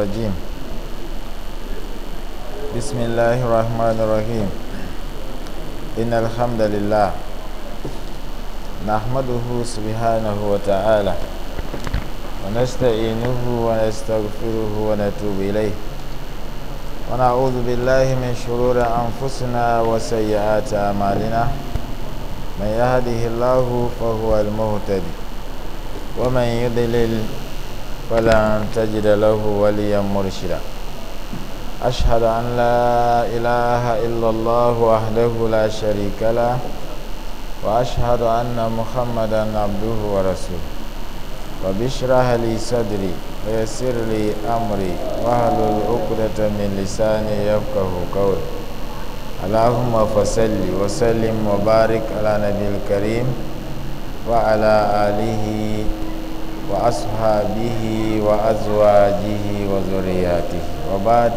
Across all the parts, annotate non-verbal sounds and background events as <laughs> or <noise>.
الرجيم بسم الله الرحمن الرحيم إن الحمد لله نحمده سبحانه وتعالى ونستعينه ونستغفره ونتوب إليه ونعوذ بالله من شرور أنفسنا وسيئات أعمالنا من يهده الله فهو المهتدي ومن يضلل أن تجد له وليا مرشدا أشهد أن لا إله إلا الله وحده لا شريك له وأشهد أن محمدا عبده ورسوله وبشرح لي صدري ويسر لي أمري واحلل عقدة من لساني يفقه قولي اللهم فصل وسلم وبارك على نبي الكريم وعلى آله وأصحابه وأزواجه وذرياته وبعد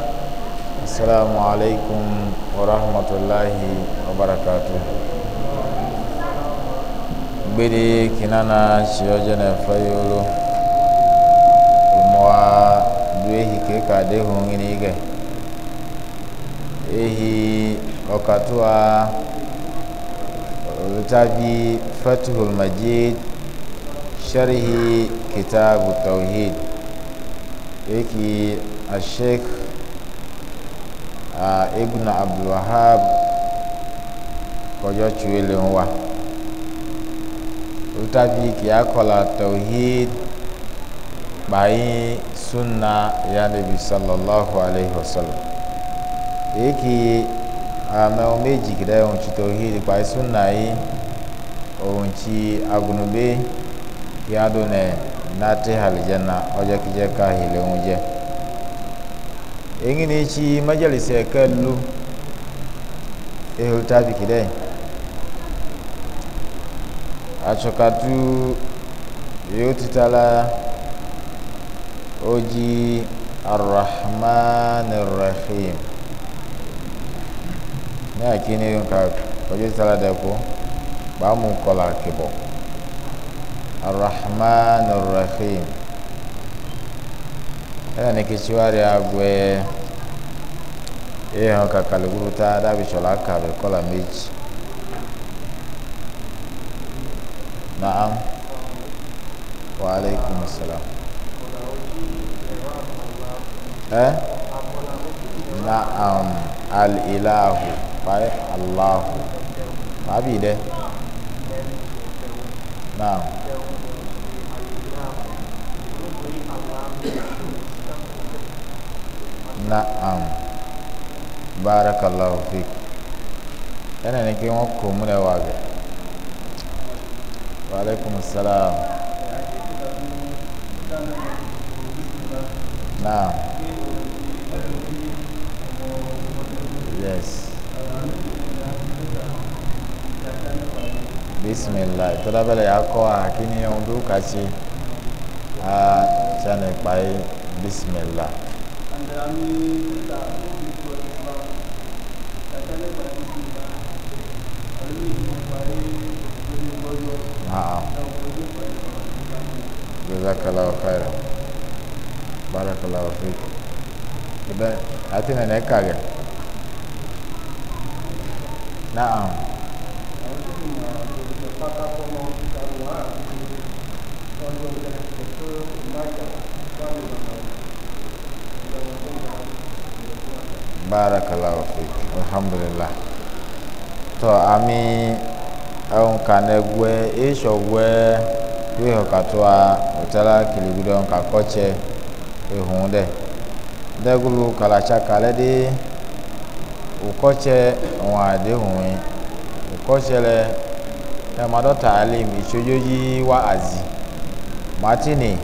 السلام عليكم ورحمة الله وبركاته gbede kinana sioje na fayolo mwa due hike ka de hungini ge ehi okatua litavi fatihul majid charịghị kita tauhid, tawhid ashek a egbuna abụọ ha bụ ọjọọ chọọ eluụwa ruta bụ ike a kọla tawhid kpa i suna sallallahu alaihi wasall e kai a na omejikere ohunchi tawhid kpa i suna i ohunchi agụnugbe yado ne nate halijanna ojo kije ka hile unje ingi ni chi majalisi ekallu ehul tabi kidai achokatu yotitala oji arrahman arrahim ní àkíní nǹkan ọjọ́ ìsára dẹ́kun bá mú kọlà kìbọ̀. الرحمن الرحيم أنا كشواري أبو إيه هكا كالغورو تا دا بشولاكا بكولا ميج نعم وعليكم السلام أه؟ نعم الإله فاي الله ما بيده نعم na'am barakallahu fik yana ne ke wọn kò múlẹ̀ wà wa alaikum salam na'am yes bismillah tọ́lábẹ́lẹ̀ yà kọ́ àkíní ohun tó kà sí. sani kpai bisimila. jazakallahu khaira barakallahu fik idan ati na neka ga na'am barakallahu fik alhamdulillah to ami onka na egwe isho gwe wiho katwa utala kiligudo onka koche ihunde degulu kalacha kaledi ukoche nwade hunwe ukochele emadota alim ichojoji wa azi matini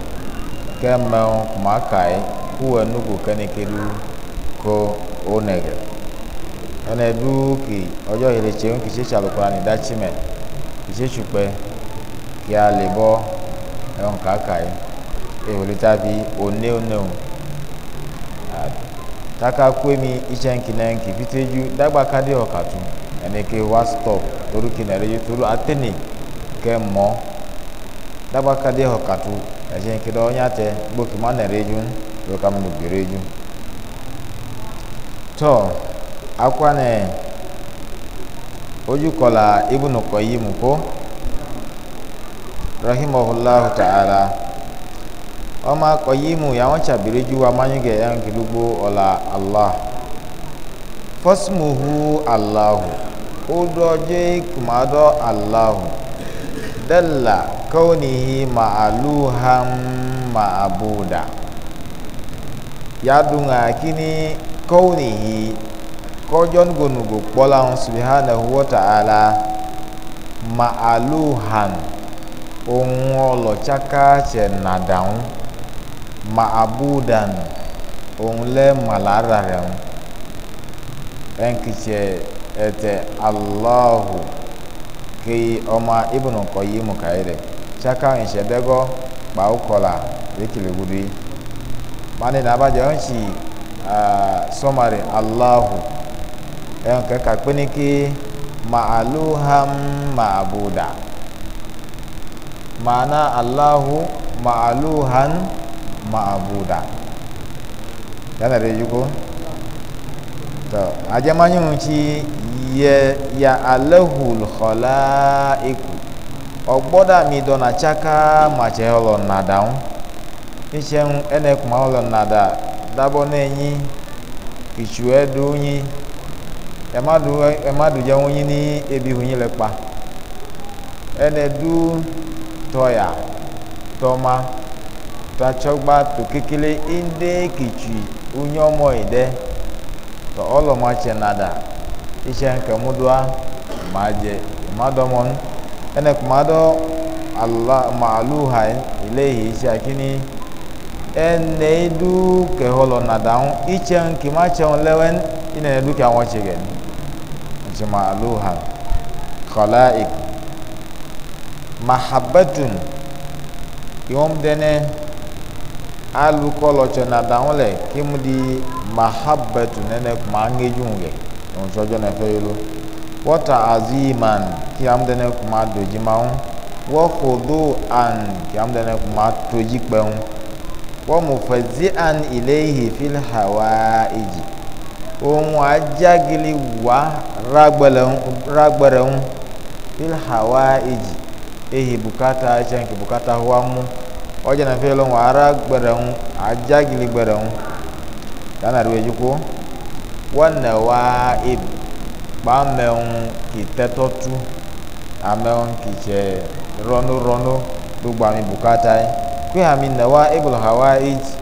kemeu kumakai kuwe nuku kenekedu ko onege ene du ki ojo ile cheun ki checha lokora ni dachime ki chechupe ki a lebo eon kakai e olita bi one one taka kwemi ichenki nenki biteju dagba kadi okatu ene ke wa stop toru ki nere yuturu atene ke dagba kadi xɔ katu ɛsɛ kidɔ nyatɛ gboki ma nɛ reju do kam no gbi reju tɔ akwanɛ ojú kɔla ibùnú kɔyi mu kó rahimahulahu ta'ala ɔmá kɔyi mu yàwọn tsabireju amanyugɛ ɛn kilugbo ɔla allah fɔsimuhu allah ó dɔjé kumadɔ alahu dɛla kaunihi ma'aluhan ma'abuda ya dunga kini kaunihi kojon gonugo kpolan subhanahu wa ta'ala ma'aluhan ohun ọlọ̀chaka ṣe ma'abudan Ungle lẹ́ màlára rẹ̀ allahu kí ọmọ ibnu kọ yìí tsaka ìṣẹ̀dẹ́gọ́ kpawo kɔla lekele wudoe mani na abadza ɔn tsi sɔmari alahu ɛn kɛkɛ kpenike maaluham maabuda mana alahu maaluhan maabuda yana de yugo tɔ adzamanyɔnu tsi yɛ ya alehul xɔla iku ọgbọda mi dọ na chaka ma che ọlọ nnada ŋu iṣẹ ŋu ẹnẹ kuma ọlọ nnada dabọ n'enyi itsu ẹdu nyi ẹmadu ẹmadu dze ŋu ni ebi hu nyi le kpa ẹnẹ du tọya tọma tọatsɔgba tó kekele inde kitsui unyo yi dɛ tɔ ɔlɔ ma nada iṣẹ ŋu kẹmu doa ma dze ene kumado allah maaluha ilehi isi akini ene idu keholo nadaun ichen kimachen lewen ine ne ke. awon chigen nchi maaluha khalaik mahabbatun yom dene na nadaun le kimdi mahabbatun ene kuma angeju nge nsojo ne fe yelo. wọ́tà aziman kí amúdẹ́nẹ́ kò máa dòjì máa ń wọ́n kò dó àn kí amúdẹ́nẹ́ kò máa tójì pẹ́ń wọ́n mú fẹ̀dí àn ilé ìhìfíl hàwá ìjì ohun ajágili wá rágbẹ̀rẹ̀ ń fíl hàwá ìjì èyí bùkátà ṣẹ́ǹkì bùkátà wá mú ọjà náà fẹ́ lọ́wọ́ arágbẹ̀rẹ̀ ń ajágili gbẹ̀rẹ̀ ń dáná rí ojú kó wọ́n nà wá ìbí kpa amewo kitetɔtu amewo kitse rɔnurɔnu gbogbo ami bukata yi kpe ami newa ebolo hawa edzi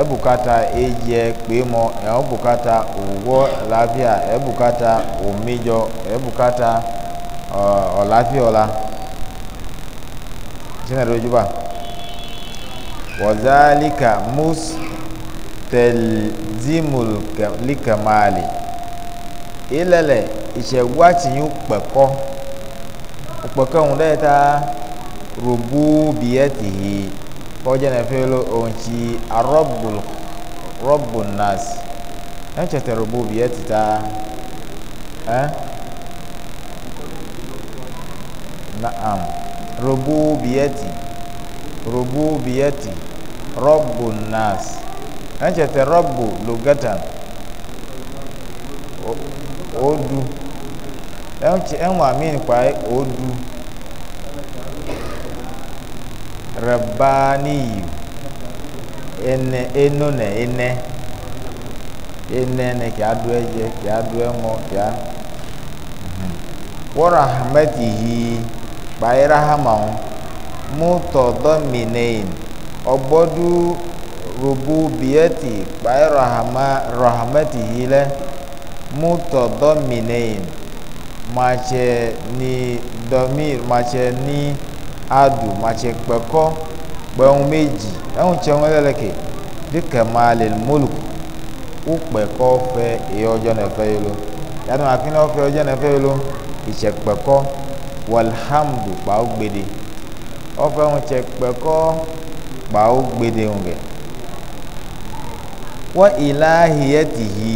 ebukata eh, e edze kpemɔ ebukata owó labia ebukata omidzɔ ebukata ɔlafiɔla eh, sinadɔdzi ba wazalika mus tẹlzimul likamali ilẹlẹ ìṣẹwàtìyún pẹkọ pẹkọ ń dẹta rubu biyẹtìhì kọjá náà fẹ lọ ohun tí arọbùl rọbùn nas ẹ ṣẹtẹ rubu ta. ẹ naam rubu biyẹtì rubu biyẹtì rọbùn nas. ẹnchẹtẹ rọbù logatan odu ẹnwà mìíní pàì odu rabaniyu ene eno na ene ene ne kì á do ẹjẹ kì á ya ẹmọ kì á wọ́n rahamẹ́tì yìí pàì rahamahu rububiyati kpai rahama hile muto dominein, matse ni dɔmir matse ni adu matse kpɛkɔ kpɛŋu meji ɛŋu tse ŋu lɛ ke bi kɛmaale moluku ukpɛkɔ fɛ eyi ɔdzɔ nɛfɛ yelo yanu afi na ɔfɛ ɔdzɔ nɛfɛ yelo ìtsɛ kpɛkɔ walhamdu kpawo gbede ɔfɛ ŋu tsɛ kpɛkɔ kpawo gbede ŋu gɛ. wọ́n ìlàhìyẹ́tìhì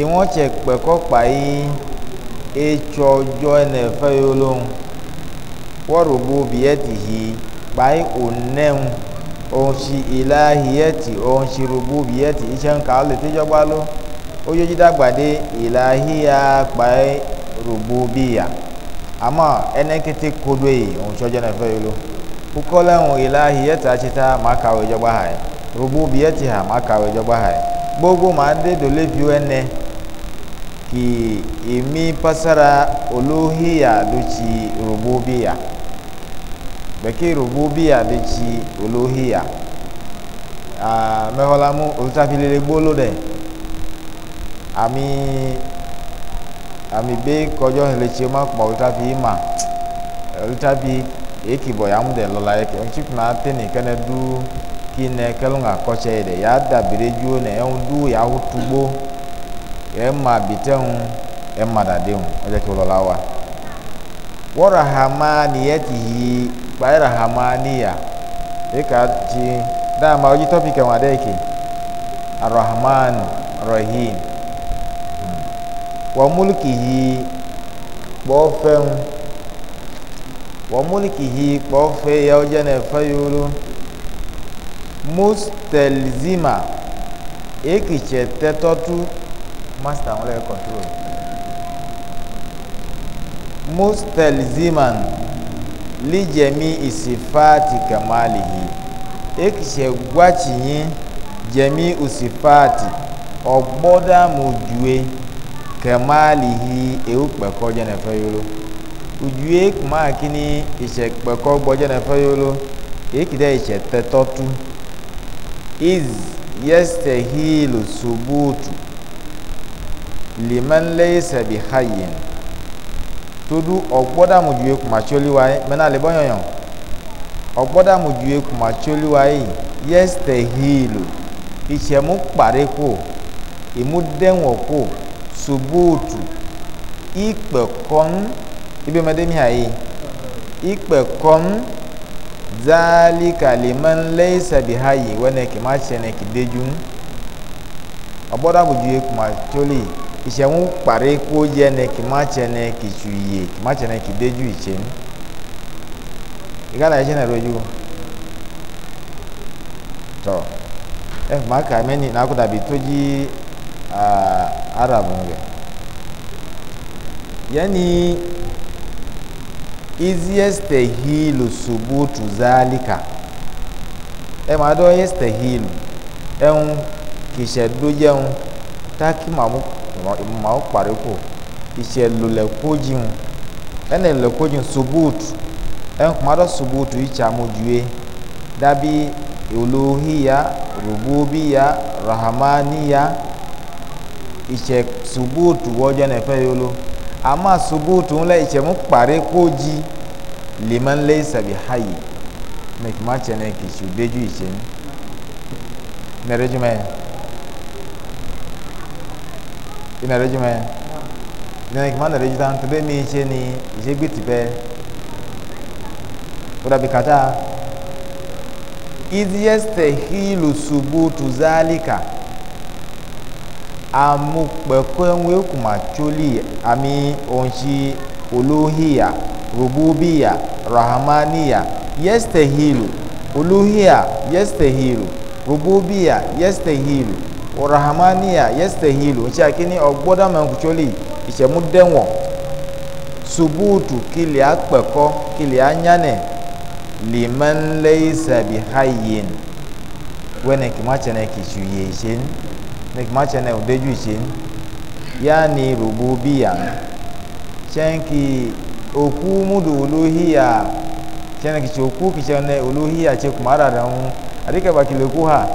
ìwọ́n tsẹ̀ pẹ̀kọ́pà yìí etsɔ dzɔ ene fɛ yio lo ŋu wɔrobo biɛtihi kpai onɛŋu onsi ilahiɛti onsi robo biɛti itsɛ ŋu kawo le tedzɔgba lo oyo dzi dagba de ilahiya kpai robo ama robo bia ti ha ma kàwé ìjọba ha yẹ gbogbo ma dé dòlé fi ẹnẹ kì èmi pasara olóhìyà dòtsi robo bia bẹ̀kẹ́ robo bia dòtsi olóhìyà mẹ́wọ́lámú olùtàfilélé gbóló dẹ̀ àmì àmì bẹ́ kọjọ́ ìlẹ̀tsẹ̀ má kpọ̀ olùtàfi ma olùtàfi èkìbọ̀ yàmú dẹ̀ lọ́la yẹ kẹ́ ntí kùnà teni kẹ́nẹ́ dúró kine kelunga kocha ile ya dabire juo ne en du ya utugbo e ma biteun e ma dadeun o je ki lola wa wara hamaniyatihi bayra hamaniya e ka ti da ma oji topic e wa de ki arrahman rahim wa mulkihi bo feun wa mulkihi bo fe ya o je ne fayulu mustelzima ekitse tɛtɔtu master ŋlɔ yɛ control mustelziman lijɛmi isifaati kamalihi ekitse gbãtsinyi jɛmi usifaati ɔgbɔdamudue kamalihi ewu kpɛkɔ dze nɛfɛ yolo udue kuma kini itse kpɛkɔ gbɔ nɛfɛ yolo eki dɛ itse tɛtɔtu iz yastahilu subutu liman laysa bihayyin todu ogbodamuju ekumachioliwa mena lebonyoyo ogbodamuju ekumachioliwa yi yastahilu ìṣẹ̀mú pàrékò ìmúdẹ́wọ̀kò subutu ìpẹ̀kọ́n ibi ọmọdé mi àyè ìpẹ̀kọ́n zalika liman laysa bihayi wene kima tsene kidejun ọgbọdọ agbèjì ekuma tsoli ìṣẹ̀wọ̀n parí kó yẹ ne kima tsene kitsu iye kima tsene kideju ìtsẹ̀nu ìgbàlá ìṣẹ̀nà rojú tọ ẹ kò má kà mẹ́ni nàkó dàbí tójí arabu rẹ yẹ́nì izi yestahilu subutu zalika ẹ máa dọ́ yestahilu ẹ̀hún kìsẹ̀dójẹ́hún táàkì màmú pàríkò ìṣẹ̀lù lẹ́kọ́jìn ẹ̀nà lẹ́kọ́jìn subutu ẹ̀hún kò máa dọ́ subutu ìtsàmójúwe dàbí olóhìyà rúbúbíyà rahamaniya ìṣẹ̀ subutu wọ́jọ́ nẹ̀fẹ́ yóò lò ama subutu ŋlɛ itsɛmu kpari kpodzi liman lɛ isabi hayi mɛkima tsɛnɛ kitsi udedu itsɛmu nɛrɛ jumɛ inɛrɛ jumɛ mɛkima nɛrɛ juta ntɛbɛ mi itsɛni itsɛ gbiti pɛ wòdàbí kata idiɛsitɛ hilu subutu zaalika. amukpekpeŋue kuma tsoli ami onzi olohiya rububiya rahamaniya yestehilu olohiya yestehilu rububiya yestehilu rahamaniya yestehilu ntsi akini ɔgbɔdamɛnku tsoli ìtsɛmudɛwɔn subutu kili akpɛkɔ kili anyanɛ liman leisa bihayin wɛnɛ kìmatsɛnɛ kìtsu yeye tseni. nekuma tsɛnɛ o deju tsen yaani robo biya tsɛnki oku mudu olohiya tsɛnɛ kitsi oku kitsɛnɛ olohiya tse kuma ara rɛ ŋu adeke ba kele ku ha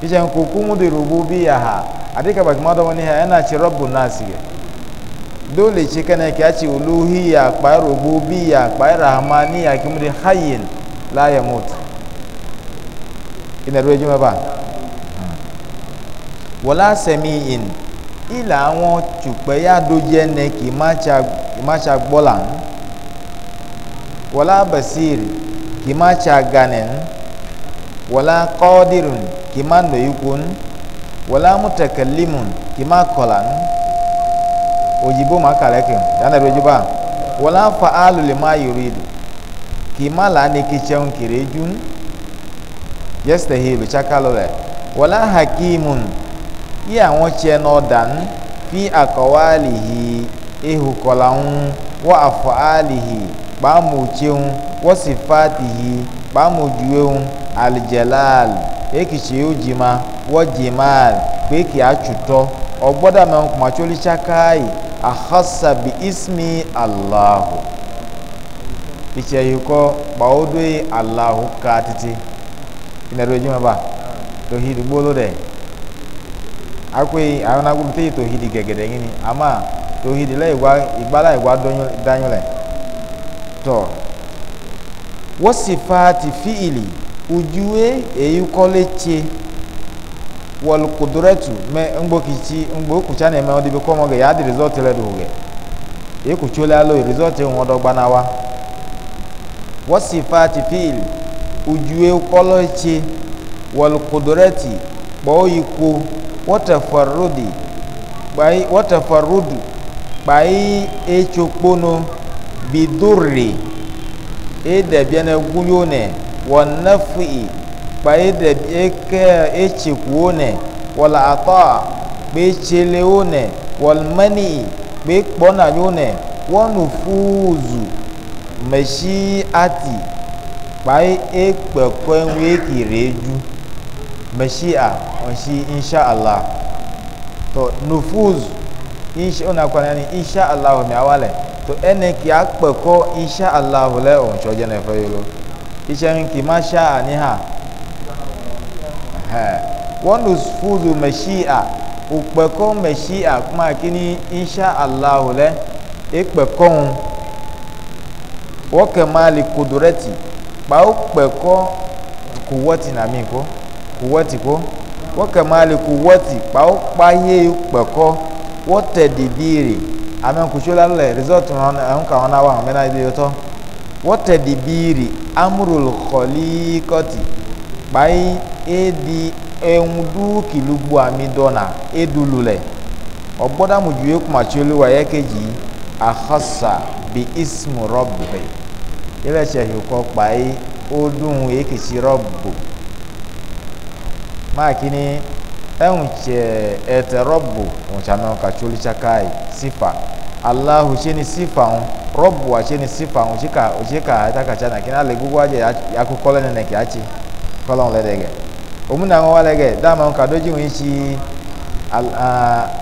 kitsɛn koku mudu robo biya ha adeke ba kuma dɔwɔni ha ɛna tsi rɔbu naasi yɛ dole tse kɛnɛ kia tsi olohiya kpa robo biya kpa rahmaniya kimu de hayin la yɛ mutu ina do edwuma ba wọlá sẹmi in ilà àwọn tùpẹ́yàdójẹ́ nẹ kì í má ṣa gbọ́là ń wọlá basir kì í má ṣa ganẹ̀ ń wọlá kọ́ọ́dìrún kì í má nọ̀yìkú ń wọlá mùtẹ̀kẹ́límùn kì í má kọ̀là ń òyìnbó má kàlẹ́kẹ̀ dáná ìrọ̀jú bá wọlá fa alùlẹ̀ má yorùdù kì í má làánì kì í ṣẹ́hun kìrẹ́jú yẹ́sítẹ̀hìn ìlú ṣáká lọ́lẹ̀ wọlá hakimun. ihe àwọn tiɛ n'ɔdan fi akɔwaalihi ehukɔlanwu wɔ afɔalihi kpamutsewu wɔ sifatihi kpamujuwewu alijalal ekitse yóò jima wɔ jimal gbeki atsutɔ ɔgbɔdama kumatsolitsakai ahasa bi ismi alahu titse yi kɔ kpawo do ye alahu ka titi ina do edzi ma ba tohi digbo lo dɛ. akwe ana gulu te tohidi gegede ngini ama tohidi la igwa igbala igwa danyole to wasifati fiili ujuwe eyu koleche wal qudratu me ngbo kichi ngbo kucha na me odi komo ge ya di le doge e ku chola lo result e gbanawa wasifati fiili wal bo watafarudi kpai watafarudu kpai etso kpono biduri edebiana guyone wɔnafi kpai debi eke etsikuwone wɔle atɔa kpetselewone wɔlmani kpekpɔnayone wɔnufuzu mesi ati kpai ekpekɔe ŋue kiredu mashi'a onshi insha Allah to nufuz insha ona kwa nani insha Allah mi awale to ene ki akpe ko insha Allah le on choje na fe yolo ishe ki masha ni ha he won nufuzu mashi'a ukpe ko mashi'a kuma kini insha Allah le ikpe e ko woke mali kudurati ba ukpe ko kuwati na mi ko kuwati ko wakamali kuwati kpawo kpaye kpɛkɔ wɔtɛ dibiiri ame kutsu la lɛ resɔt nɔn ɛnka wɔn awa hɔn mɛna ebi yɔtɔ wɔtɛ amurul xɔli kɔti edi eŋudu kilugbu ami dɔna edulu lɛ ɔgbɔdamudu yɛ kumatsoli wa yɛ kedzi axɔsa bi ismu rɔbi yɛlɛ yɛ rɔbu. makini enche ete robu nwụchana ka cholichakai sifa allahu cheni sifa robu a cheni sifa nwụchika ochika atakacha na kina legugwa aje akụkọ lenene ka achi kọlọn ledege omuna nwalege dama nka doji al ichi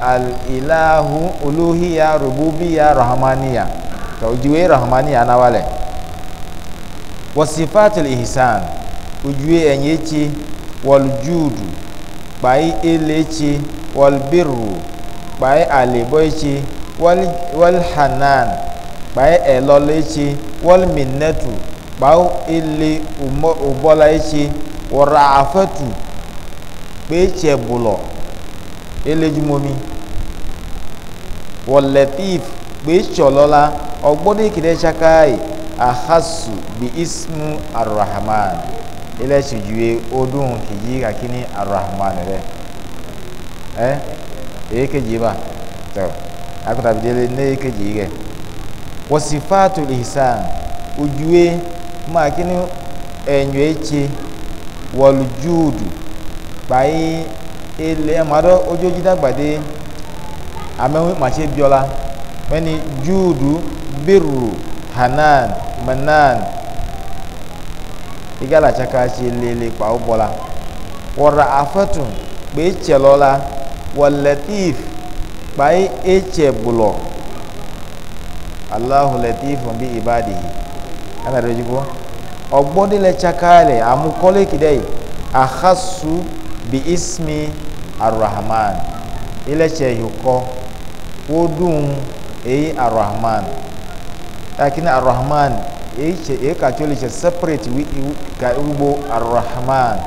al'ilahu uluhiya rububiya rahmaniya ka ujuwe rahmaniya na wale wasifatul ihsan ujuwe enyechi waljudu kpai elechi walbiru kpai aleboichi walhanan kpai elolechi walminnatu kpai ele ubolaechi waraafatu kpeche bulo elejumomi walatif kpecholola ogbodo ikide chakai ahasu bi ismu arrahman ilẹ̀ ṣèjúwe ọdún kìyí kakini arahman rẹ ẹ èyí kejì bá tẹ akọtàbídélé ní èyí kejì rẹ wọ́sífàtò ìsàn ojúwe máa kíni ẹ̀yìn ẹ̀tse wọ́lùjúùdù kpàyé ilẹ̀ ẹ̀mọ́dọ́ ojójú dàgbàdé amẹ́wọ́n màṣẹ bíọ́lá wẹ́ni júùdù bírù hanan manan igala tsaka tsi lele kpawo bɔ la wɔra afɛtu kpe etsɛ lɔ la wɔlɛtif kpai etsɛ gblɔ alahu lɛtif bi ibadi ana ɖe dzigbɔ ɔgbɔdi le tsaka le amukɔleki ɖe yi ahasu bi ismi arahman ilẹ̀ tsẹ̀ yìí kọ́ wó dùn èyí arahman lakini arahman e ka tsoli tse separate wi ka wigbo arahman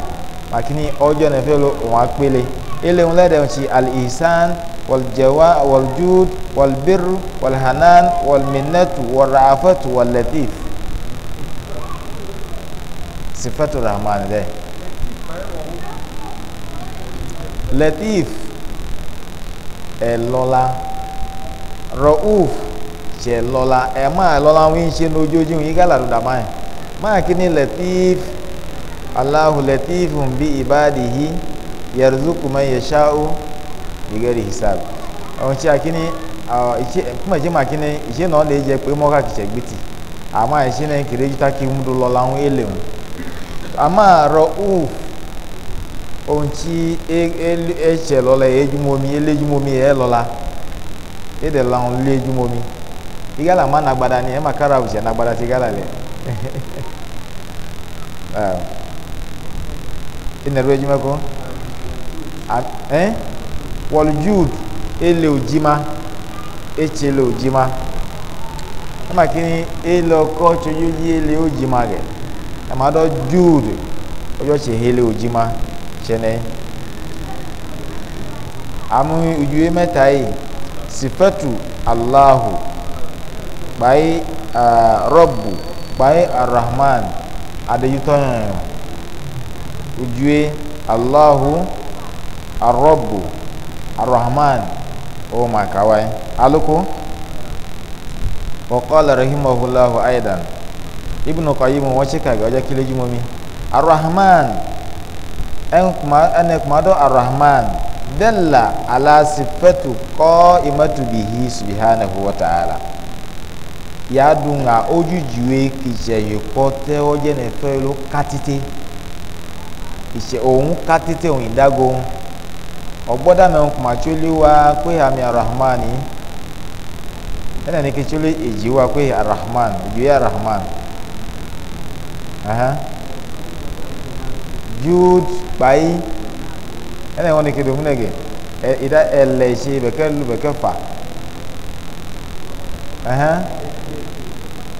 makini ɔjɔ ne fɛlo wɔn akpele ele ŋun lɛ dɛ tsi alihisan waljawa waljud walbir walhanan walminatu walraafatu wallatif sifatu rahman dɛ latif ɛlɔla rɔuf tse lɔla ɛma lɔla ŋu yi tse no dzodzi ŋu yi ka la do dama yɛ maa kini letif alahu letif bi ibadihi yarzuku ma yashau bigari hisab ɔn tse akini ɔ itse kuma tse ma kini itse nɔ le dze kpe mɔ ka kitsɛ gbiti ama itse ne kiri ta ki ŋu do lɔla ŋu ele ŋu ama rɔ u ohun tí etsɛ lɔla yɛ edzumomi ele edzumomi yɛ lɔla ede la ŋu lé edzumomi igala ma na agbada ni ema kara wusi na agbada ti igala le <laughs> ina ru ejima ko eh wal jud ele ojima echele ojima ema kini ele oko choju li ele ojima ge ema do jud ojo che hele ojima chene amu ujuwe mẹ́ta yìí sifẹ́tù aláhù bai uh, robbu bai arrahman adayutoyoyo ujue allahu arrobbu arrahman o oh makawai aluku وقال رحمه الله ايضا ابن قيم وشكا جوجا كيلجمومي الرحمن انكما انكما دو الرحمن دل على صفته قائمه به سبحانه وتعالى yàdùnà ojújìwe kìsẹ̀yìn kọ́ tẹ́ ọ jẹ́ nẹ̀tọ́ yìí ló ká títí ìṣe òun ká títí òun ìdágo ọgbọ́dàmẹ́ òun kùmà tí ó lé wa pé àmì arahmani ẹnna ní kí tí ó lé èjì wa pé arahman ìjòyè arahman jude kpayi ẹnna wọn ní kí domin e, ẹgẹ ẹ ìdá ẹlẹ ṣe bẹkẹ lu bẹkẹ fà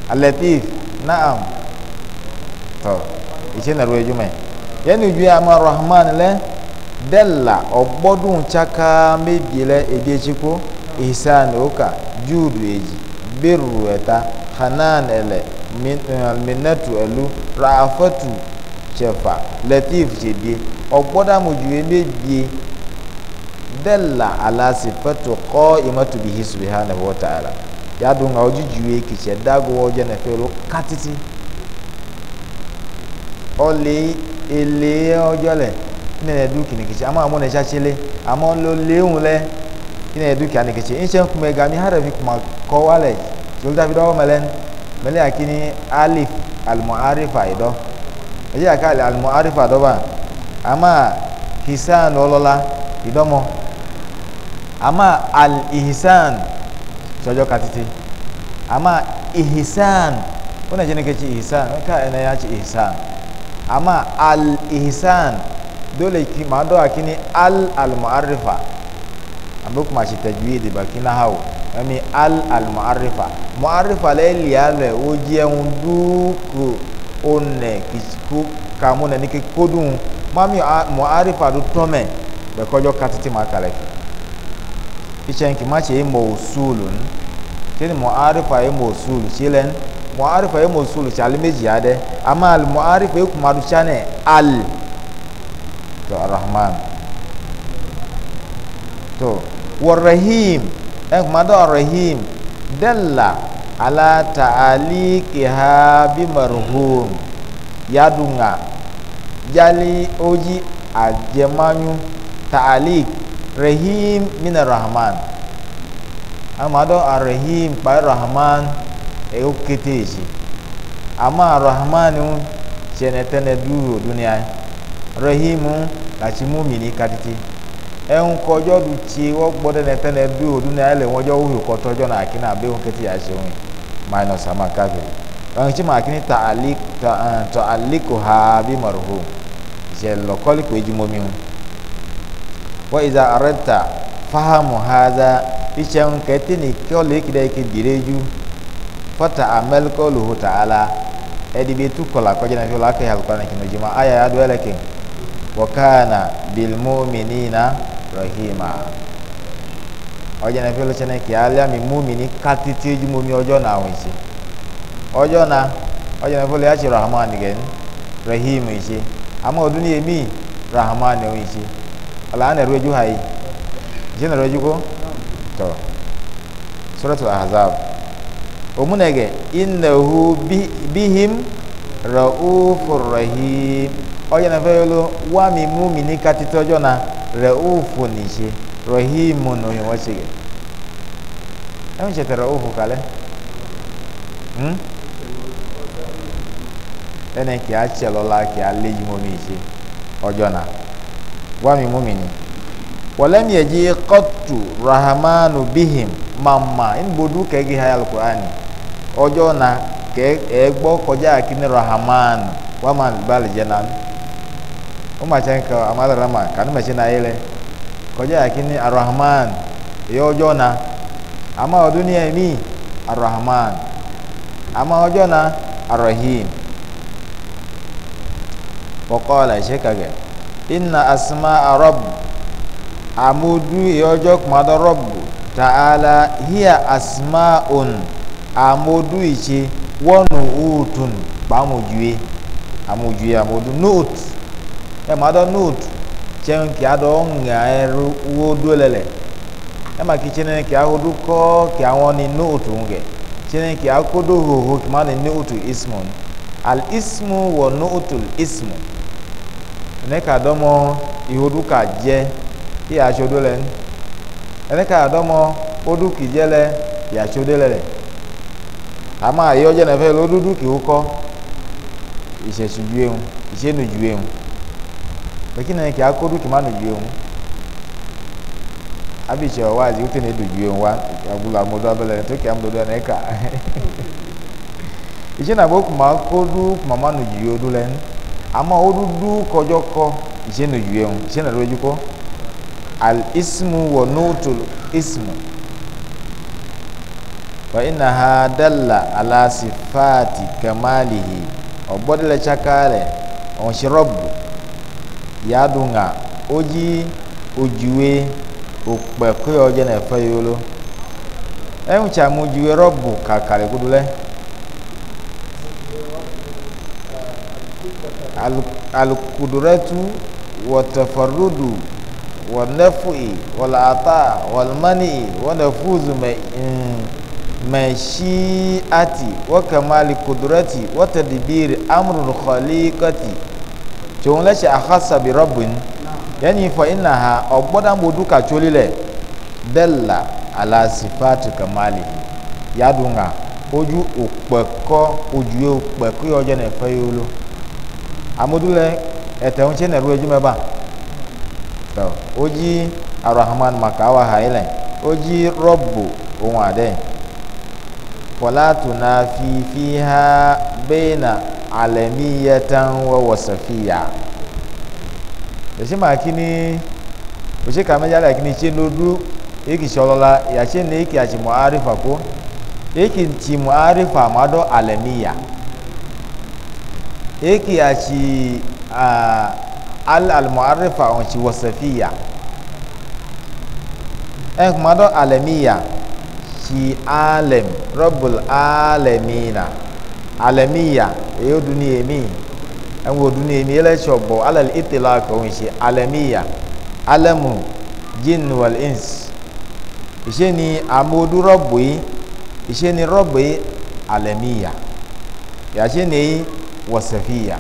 alatif naam tɔ ìṣe nàró ẹjú mẹ yẹn ní ju àmọ rahman lẹ dẹ́là ọgbọ́dún tsaka méje lẹ èdè tsiko ìsàn òkà júùdù èjì bẹ́rù ẹ̀ta hanan ẹlẹ minatu ẹlu ràfẹ́tù tsẹfà latif tsèdè ọgbọ́dàmójú yẹn méje dẹ́là alásìfẹ́tù kọ́ ìmọ̀tòbí hisubi hàn wọ́tàlá yadu nga ojijiwe kiche dago oje na felo katiti ole ele ojole ina edu kini kiche ama amo na chachele ama lo leun le ina edu kani kiche inche kuma gami harafi kuma ko wale jolda bido melen mele akini alif al muarifa ido oje akali al muarifa do ba ama hisan olola idomo ama al ihisan sɔjɔ katiti ama ihisan wọn jẹ́ nìkan ci ihisan wọn ká ẹnẹ yà ci ihisan ama al ihisan dole ki ma dɔ akini al almu'arrifa an bɛ kuma si tajwid ba kina hawo ɛmi al almu'arrifa mu'arrifa lɛ lia lɛ o jɛun duku one kisiku kamu nani ke kodun mami mu'arrifa do tɔmɛ bɛ kɔjɔ katiti ma kalɛ fi kicen ki ma ce mausulun tin mu'arifa ya e mausulu shilen mu'arifa ya e mausulu shali meji ya de amma al mu'arifa ya e kuma duca ne al to arrahman to warrahim ɗan kuma da arrahim dalla ala ta'aliqiha bi marhum ya jali oji ajemanyu ta'aliq rahim mina rahman Amado do arahim kpa rahman eyo kete esi ama rahman ŋu tiɛnɛ tɛnɛ duuro dunia rahim ŋu latsi mu mini katiti ɛŋu e kɔdzɔ du tsi wɔgbɔ tɛnɛ tɛnɛ duuro dunia ele wɔdzɔ wuhi kɔtɔdzɔ na akini abe ŋu kete asi ŋu minus ama kaviri ɔn tsi ma akini taalik ali ta ɛn eh, tɔ aliko ha bi maruho tiɛ lɔkɔli ko edzi momi wa iza arata fahamu hadha icen kati ni kyolo ikida ike direju fata amel koluhu ta'ala edi bi tu kola ko jana fiola ke hal kana kino jima aya ya do eleke wa kana bil mu'minina rahima o jana fiola chene ki ala mi mu'mini katiti ju mi ojo na awon ise ojo na o jana fiola ya chi gen rahim ise ama odun yemi rahman ne ala ana ruwe juha yi jina ruwe juko to suratul ahzab omunege innahu bi, bihim raufur rahim ọjọ́ náà fẹ́ẹ́ ló wá mi mú mi ní katitọ́jọ́ náà raufu nìṣe rahimu nìyẹn wọ́n ṣe gẹ̀ ẹ̀ ń ṣètò raufu kalẹ̀ ẹnì kì á ṣẹlọ́lá kì á léyìn mọ́ mi ṣe ọjọ́ náà. wàmí múmìnì wàlẹ́mi ẹ̀jẹ̀ kọ́tù rahamanu bihim màmá ìbòdú kẹ́gì ha alukurani ọjọ́ na kẹ́ ẹ gbọ́ kọjá kíní rahaman wàmà balẹ̀ jẹ́ nánu wọ́n máa kyẹn kọ́ amadarama kàní mẹ̀kyẹ́ náà yẹlẹ̀ kọjá kíní arahaman ẹ̀yẹ ọjọ́ na àmà ọdún ní ẹ̀mí arahaman àmà na arahim wọ́kọ́ ọ̀la inna asma arab amudu iyojo kumado rabu ta'ala hiya asma'un amudu ichi wonu utun pamujue amujue amudu nut e mado nut chen ki ado e ma ki chen ki ko ki nut unge chen ki akodo hoho ma nut al ismu wa nutul ismu eneka dɔmɔ ihodu ka dze iyatso do lɛ nu eneka dɔmɔ odu le lɛ yatso do lɛ lɛ ama yɔdze nɛfɛ lɛ odudu kiwo kɔ ìṣẹ̀sù ju ehun ìṣẹ́nu ju ehun pẹ̀kínà kì á kó dúkìá nu wote ne du wa agbolo abɛlɛ to do ka ama wo ɖuɖu kɔdzɔ kɔ zenu yue ŋu zenu ɖo edzi kɔ al ismu wɔ nutu ismu wa ina ha dala ala sifaati kamalihi ɔbɔ de le tsaka e le ɔnsirɔbu yaadu ŋa wodzi odzue okpɛ koe ɔdze na efe yolo eŋutsa mu dzue rɔbu kaka le kudu lɛ. alukudurẹ́tù wọ̀tẹ̀fọ̀rọ̀dù wọ̀nẹ́fùì wọ̀làtà wọ̀lmánì wọ̀nẹ́fùzù mẹ̀ṣíàtì wọ́kẹ̀málì kudurẹ́tì wọ́tẹ̀dìbìrì amúrùn kọ́líkọ́tì tòun lẹ́sẹ̀ àkásàbí rọ́bìn yẹ́nì fọ iná ha ọ̀gbọ́dá mọ̀dú kàtsólí lẹ̀ dẹ́là alásìfàtì kẹ̀málì yàdùn ha ojú òpẹ̀kọ́ ojú yóò pẹ̀kọ́ yọjọ́ nẹ̀fẹ́ yóò lọ. amudu lɛ ɛtɛŋu na nɛru edzume ba tɔ odzi arahman maka awa ha yi lɛ odzi rɔbu ohun adɛ kɔlatuna fifi ha bena alɛmiyɛ tan wɔwɔ sɛfiya esima kini ose kame ya la kini tse nodu eki ya yatse ne eki atsi mu arifa ko eki tsi mu arifa ma dɔ alɛmiya. yake ya ci al-mu'arrifa on ci wasafiya en eh, kuma don alamiya ci alam rabbul alamina alamiya eyo duniya e mi en eh, wo duniya e mi yala ci obo alal itilaka on ci alamiya alamu jin wal ins ise ni amodu rabbu yi ise ni rabbu yi alamiya ya se wasafiya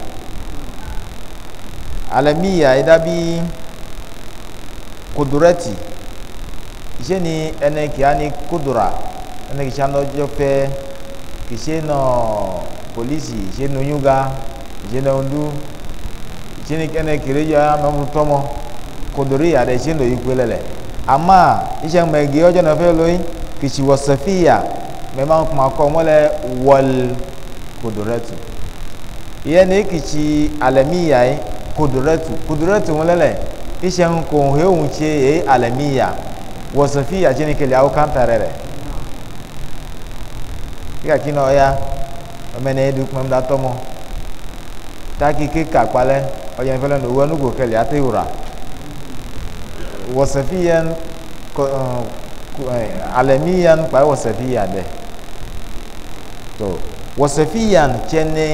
alamiya idabi kudurati ishe ni ene kiani kudura ene kishano jope kisheno polisi isheno yuga isheno undu ishini ene kirejo ya mamutomo kuduri ya ishendo yukwelele ama ishe mmegiojo na feloi kishi wasafiya mema kumakọ mọlẹ wọl kudurati ìyẹn ní kìtì alẹ́míyà yìí kòdùrẹ́tù kòdùrẹ́tù wọn lẹ́lẹ̀ iṣẹ́ ń kò hẹ́ òun ṣe é alẹ́míyà wọ̀sọ̀fì àjẹnìkẹlẹ̀ àwọn káńtà rẹ̀ rẹ̀ kíkà kí ni ọ̀ya ọmọnì yẹn dùkú mẹ́mdà tọ́mọ táàkì kíkà kpalẹ̀ ọ̀yẹ́ ní fẹ́lẹ́ ní owó ẹnugò kẹlẹ̀ àti ìwúrà wọ̀sọ̀fì yẹn alẹ́míyà ń pa wọ̀sọ̀fì yà dẹ̀ tó wọ̀sọ̀fì yà ń tiẹ́ ní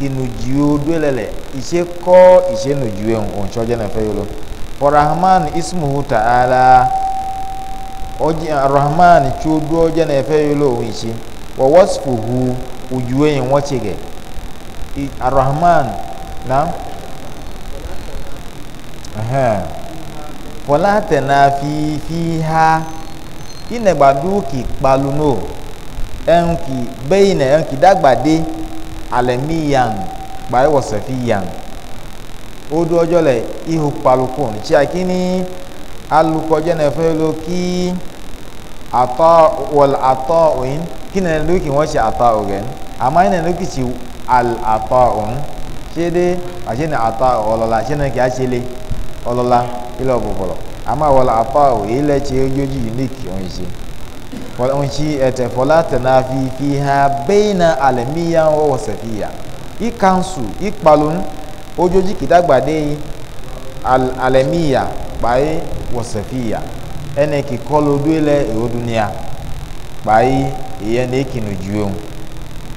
inujiwo dwelele ishe ko ishe nujiwe onchoje na feyolo Rahman ismuhu ta'ala oji arrahman chudu oje na feyolo wishi wa wasfuhu ujuwe yin wachige arrahman na aha wala tanafi fiha ina gbadu ki paluno enki beyina enki dagbade alamiyan gbaye wɔ safiyan o do ɔdzɔ le iho kpalukun tsi akini alukɔdze na efe lo ki atɔ wɔl atɔ oyin ki nene do ki wɔn tsi atɔ ogen ama nene do ki tsi al atɔ oyin tsi de atsi ne atɔ ɔlɔla tsi ne kia tsi le ɔlɔla ilɛ ɔbɔbɔlɔ ama wɔl atɔ oyin lɛ tsi odzo dzi yi ne ki nci ɛtɛ fɔla tɛna fi fi ha bɛyina alɛmiya wɔwɔ sɛfiya ikansu ikpalon ojoji kidagbade al alɛmiya kpaye wɔ sɛfiya ɛnɛ kikɔlo doe lɛ ewoduniya kpaye eyɛ ne kinu juweŋ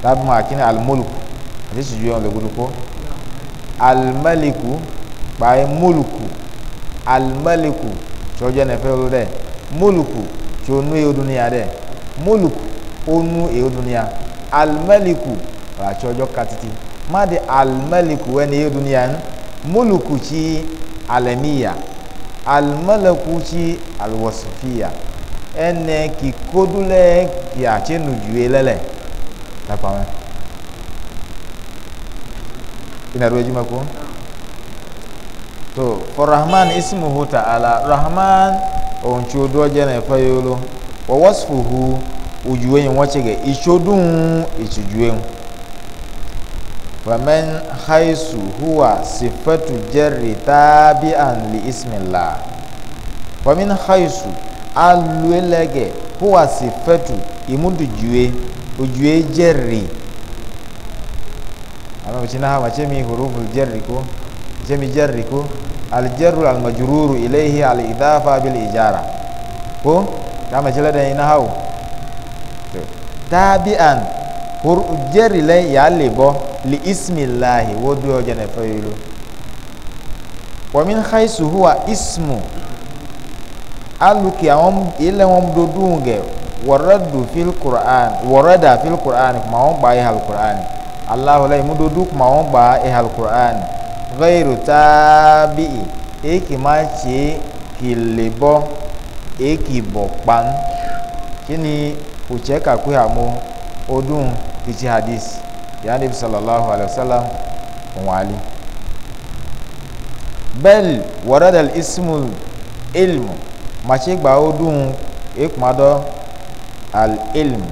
tabi ma kini alimoluku ati si juweŋ legudu ko alimaliku kpaye moluku alimaliku tsɔjɛ nɛfɛ wolo dɛ moluku tí onu eyo dunia dɛ muluk onu eyo dunia almaliku wàtsɔ ɔjɔ katiti má di almaliku wɛni eyo dunia nu muluku tsi alɛmiya almaliku tsi alwɔsifiya ɛnɛ kikodu lɛ kiatsi nudue lɛ lɛ takpamɛ ina do edwuma ko to for rahman ismuhu ala rahman ohun tí o dúró jẹ́ náà ẹ̀fọ́ yìí ló wọ́n wọ́n sì fòhu ojú eyín wọ́n ti gẹ̀ ìṣòdùn ìtìjú eyín fàmẹ́n haisu huwa sifẹ́tù jẹ́rì tábí àǹlì ismìlá fàmẹ́n haisu alùlẹ́gẹ̀ huwa sifẹ́tù ìmúdùjúwe ojúwe jẹ́rì àmọ́ bìtí náà wàá jẹ́mi hurufu jẹ́rì kó jẹ́mi jẹ́rì kó aljarru almajruru ilayhi alidafa bil ijara ko kama jela da ina hau tabi'an hur jerri la ya lebo li ismillahi wodu yo jana fayilu wa min khaisu huwa ismu aluki awon ile won dodunge waradu fil qur'an warada fil qur'an ma won ba e qur'an allah la imududu ma won ba e qur'an ghairu tabi'i eki ma ce kilebo eki bokpan kini uche ka kwe amu odun kici hadis ya nabi sallallahu alaihi wasallam wali bel warada al ismu ilmu ma ce gba odun ekmado ilmu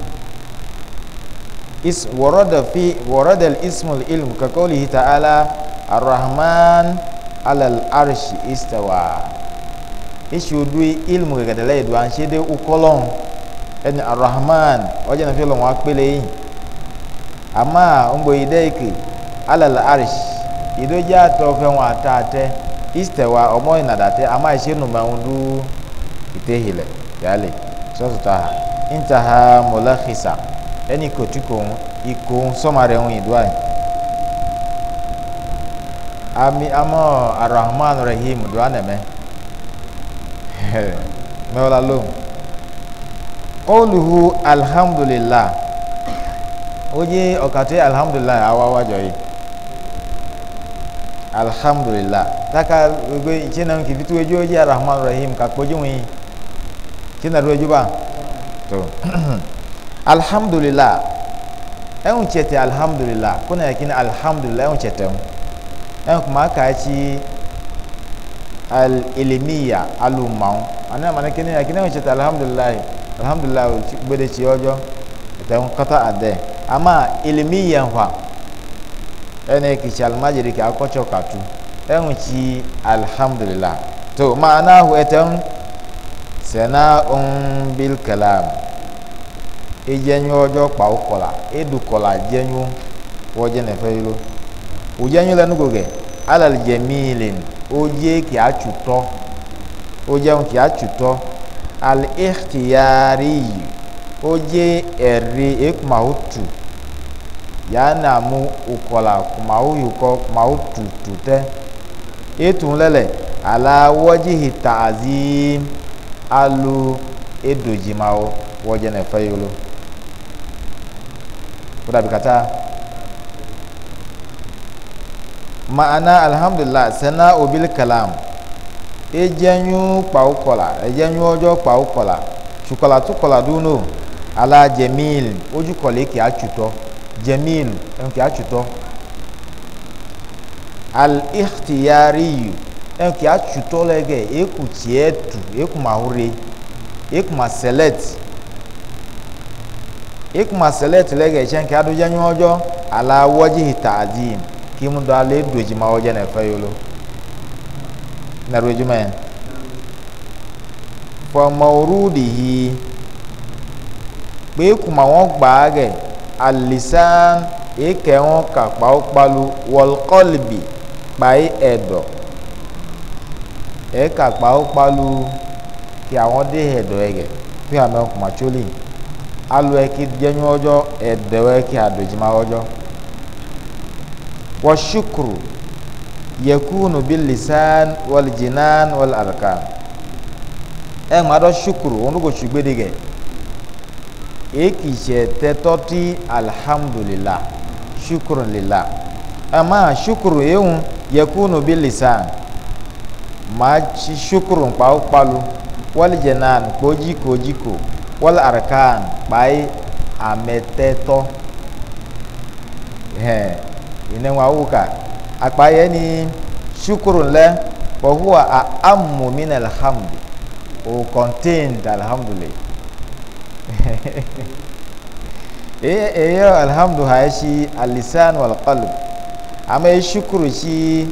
is warada fi warada al ismu al ilmu ka qawlihi ta'ala arrahman alal arshi istawa ishi udui ilmu gagadala edu anshi de ukolon en arrahman waje na filon wa pele yin ama umbo ideiki alal arshi ido ja to fe won atate istawa omo inadate ama ishi nu maundu itehile yale so taha intaha mulakhisa eni kotiko ikon somare won idwai ami amọ arahman rahim do anẹmẹ mẹwàá lóhùn kọluhu alhamdulilah onye ọkàtẹ alhamdulilah awa wájọ yìí alhamdulilah taka gbogbo ìtsẹ́ náà kìí fitu ojú ojú arahman rahim kakpọ́jú wọn yìí tí nàdó ojú bá tó alhamdulillah ẹ̀hún tsẹ̀tẹ̀ alhamdulilah kó nàá yẹ kí ni alhamdulilah ɛnkuma kaakyi al ilimiya alumaw ana amana kene akene wɔn kyerɛ alhamdulilayi alhamdulilayi gbede kyi ɔjɔ ɛtɛ nkata adɛ ama ilimiya hwa ɛna ekitsi alimajiri ka akɔtsɔ katu ɛnkyi alhamdulilayi to maana ahu ɛtɛ nkata sena un bil kalam ejenyo ojo pa ukola edu kola jenyo wo je ne lo ojanyo lɛ nugo gɛ alali dze miilin odze kia tsutɔ odzeŋu kia tsutɔ ali ixtiyaari yi odze ɛri ekumawo tu yana mu ukɔla kumawo yukɔ kumawo tutu tɛ etun lɛ lɛ ala wɔdzihi taazi alu edodzimawo wɔdze nɛfɛ yolo kó dàbí kata. ma'ana alhamdulillah sena obil kalam ejenyu kpawukola ejenyu ojo kpawukola tsukola tukola duno ala jemil ojukola eke atsutɔ jemil eke atsutɔ al ikhtiyariyu eke atsutɔ e lɛgɛ eku tiɛ tu eku ma hure eku ma select eku ma select lɛgɛ tse nke adu jenyu ojo ala wɔdzi hita kimu do ale duji ma oje na fe yolo na ruju me fa mawrudihi pe ku ma won gba ge alisan e ke won ka pa o palu wal qalbi pai edo e ka pa o palu ki awon de edo ege fi ame ku ma choli alu e ki jenyu ojo edo e ki adoji ma ojo washukuru yakunu bilisan waljinan walarkan ẹ ma dọ shukuru wọn kò su gbẹdẹgẹ èkì sẹ tẹtọtì alihamudulila shukuru lila ẹ ma shukuru ehun yakunu bilisan ma si shukuru kpawo kpalu waljinan kpoji kpoji ko walarkan kpai amẹtẹtọ hẹn inenwa wuka akpaye ni shukuru le wa huwa a ammu min alhamdi o contained alhamdulillah eh <laughs> eh alhamdu ha shi alisan wal qalb ama shukuru shi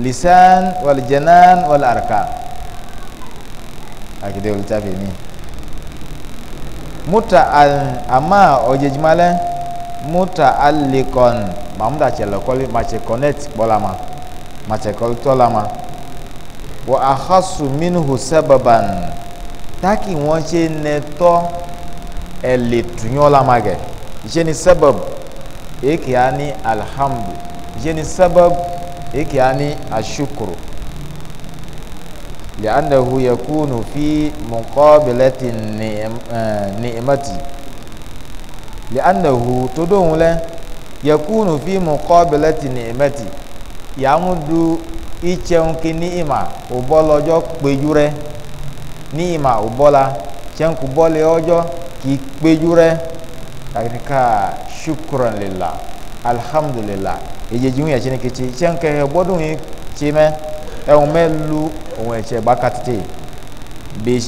lisan wal janan wal arkan akide ulitafi ni muta al ama ojejmale muta alikon mamuda tsɛlɛ kɔli matse connect kpɔla mache matse kɔli tɔla ma ahasu minhu sɛbɛban taki wɔn neto nɛtɔ e ɛlɛ tunyɔla ma gɛ tse ni sɛbɛb ekeya ni alihamdu tse ni sɛbɛb ekeya ni asukuru lianahu yakunu fi mukɔbilɛti ni'imati eh, lianahu to dohun lɛ yakunu fi muqabilati ni'mati yamudu ima ki ni'ima ubolojo ni ima ubola tsenku bole ojo ki kpejure kanika shukran lillah alhamdulillah ejejun ya chini kichi, tsenke he bodun yi tsime ehun melu ohun etse bakatete bi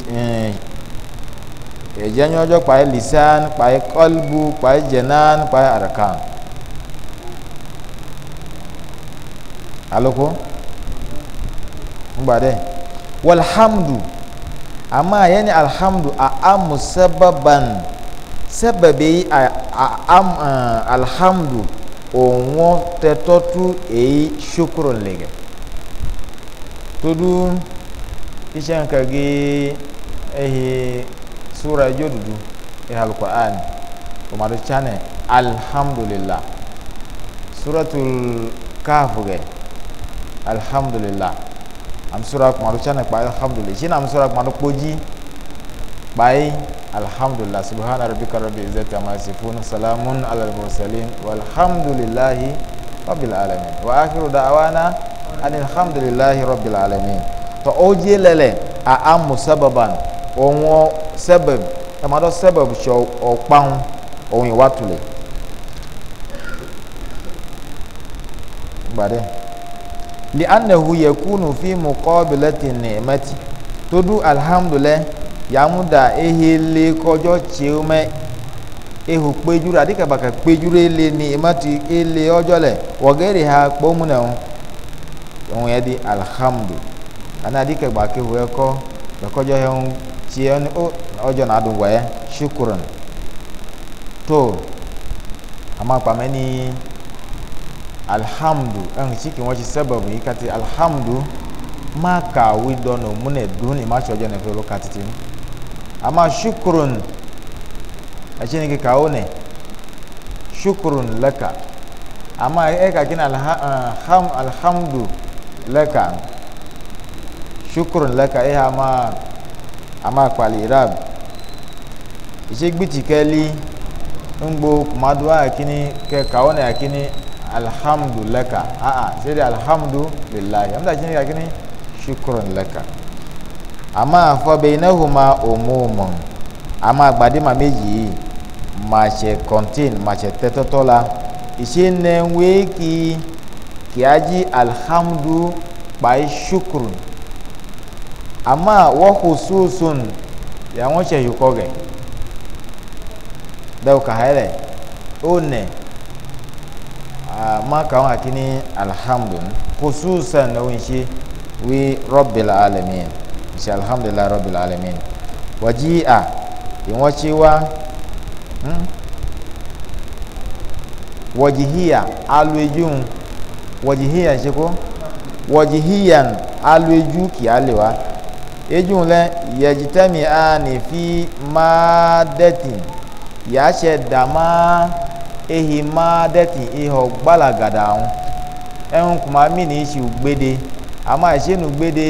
ejenyojo kpae lisan kpae kolbu kpae jenan kpae arkan aloko ngbade walhamdu amma yani alhamdu a amu sababan sababi a am alhamdu òun tẹtọ́tú èyí ṣokòrò lẹ́gẹ̀ tódú iṣẹ́ nǹkan gé ẹ̀hìn súra ẹjọ́ dúdú ìhà alukur'an ọmọdé chane alhamdulilah súratul káàfù gẹ̀ẹ́ alhamdulillah amsura kumaru chana kpai alhamdulillah shina amsura kumaru kpoji kpai alhamdulillah subhana rabbika rabbil izzati amma yasifun salamun alal mursalin walhamdulillahi rabbil alamin wa akhiru da'wana alhamdulillahi rabbil alamin to oje lele a amu sababan onwo sabab amado sabab sho opan ohun iwatule gbade li anahu yakunu fi muqabilati ni'mati todu alhamdulillah yamuda ehele kojo chiume ehu pejura dika baka pejura ele ni'mati ele ojole wageri ha pomuna on yadi alhamdu ana dika baka weko bakojo hen chien o ojo na dun waye shukran to ama pameni alhamdu ɛn cikin wɔtsi sɛbɛbu yi kati alhamdu maka ka wi dɔnu mune duni ma tsɔ jɛnɛ fɛ lo katiti ama shukurun ɛtsɛ nike kawo ne shukurun lɛka ama ɛka kina alham alhamdu lɛka shukurun lɛka ɛha ama ama kpali irab ɛtsɛ gbiti kɛli ŋgbo kumadu akini kɛ kawo akini alhamdu laka a'a ah, ah, sai dai alhamdu lillahi amsa shine ga kini shukran laka amma fa bainahuma umumun amma gbadi ma meji ma se contain ma se tetotola ise ne we ki ki aji alhamdu pai shukrun amma wa khususun ya won se yukoge dauka hele one maka wa kini alhamdun khususan na winshi wi rabbil alamin insha alhamdulillah rabbil alamin wajia inwachi wa hmm? wajihia alwejun wajihia shiko wajihiyan alweju ki alewa ejun le yajitami ani fi madatin ya shedama ehi maa dẹ́tì ihò gbalagada ahun ẹ̀hún kuma mí ní ìṣe ògbéde àmọ́ gbéde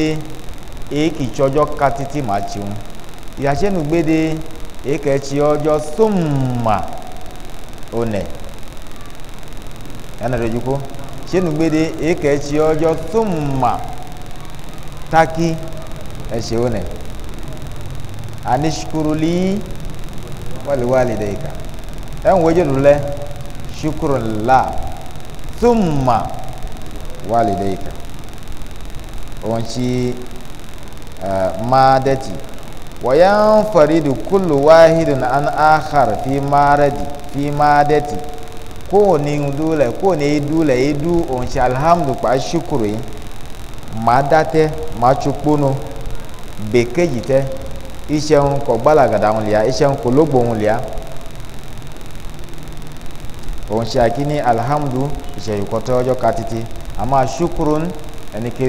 èékì katiti ma títí màá tiwọn ìyàṣẹ́nu gbéde èékì tí ọjọ́ sọ́mùmà onẹ̀ ẹ̀nà rẹ̀ jùkọ́ ṣẹ́nu gbéde èékì tí ọjọ́ sọ́mùmà taki ẹ̀ṣẹ̀ e onẹ̀ anishkuruli wàlíwàlí dẹ̀ ìka ẹ̀hún wọ́jọ́ lulẹ̀. shukurun la thumma walidayka wanci uh, madati wa yanfaridu kullu wahidun an akhar fi maradi fi madati ko ni dole ko ne dole idu on shi alhamdu pa shukuru madate ma chukuno bekeji te iṣẹ́ ń kọ̀ gbálàgàdà ń lìá iṣẹ́ ń kọ̀ lógbò ń lìá. òun ṣe àkíní alihamudu ìṣẹ̀yìn kọ́tọ́ ọjọ́ ka títí ṣukurun ẹni kí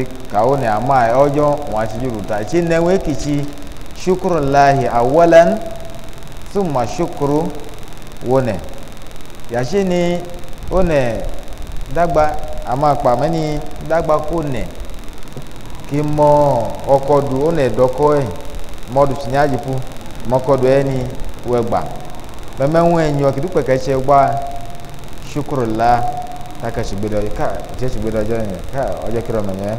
ní àmà ọjọ́ wọn àti yorùbá ta ṣe nẹ́wọ́ èkìtì ṣukurun láàyè awọ́lẹ́n túmọ̀ ṣukuru wọnẹ̀ yàṣẹ́ ni ó nẹ̀ dàgbà àmà pàmẹ́ni dàgbà kò nẹ̀ kí mọ ọkọ̀ du ó nẹ̀ ẹ̀ mọ́dù tì ní du ń ṣe ṣukuru la taka ṣùgbẹ́dọ̀ ká jẹ́ ṣùgbẹ́dọ̀ ọjọ́ yẹn ká ọjọ́ kí ọmọ yẹn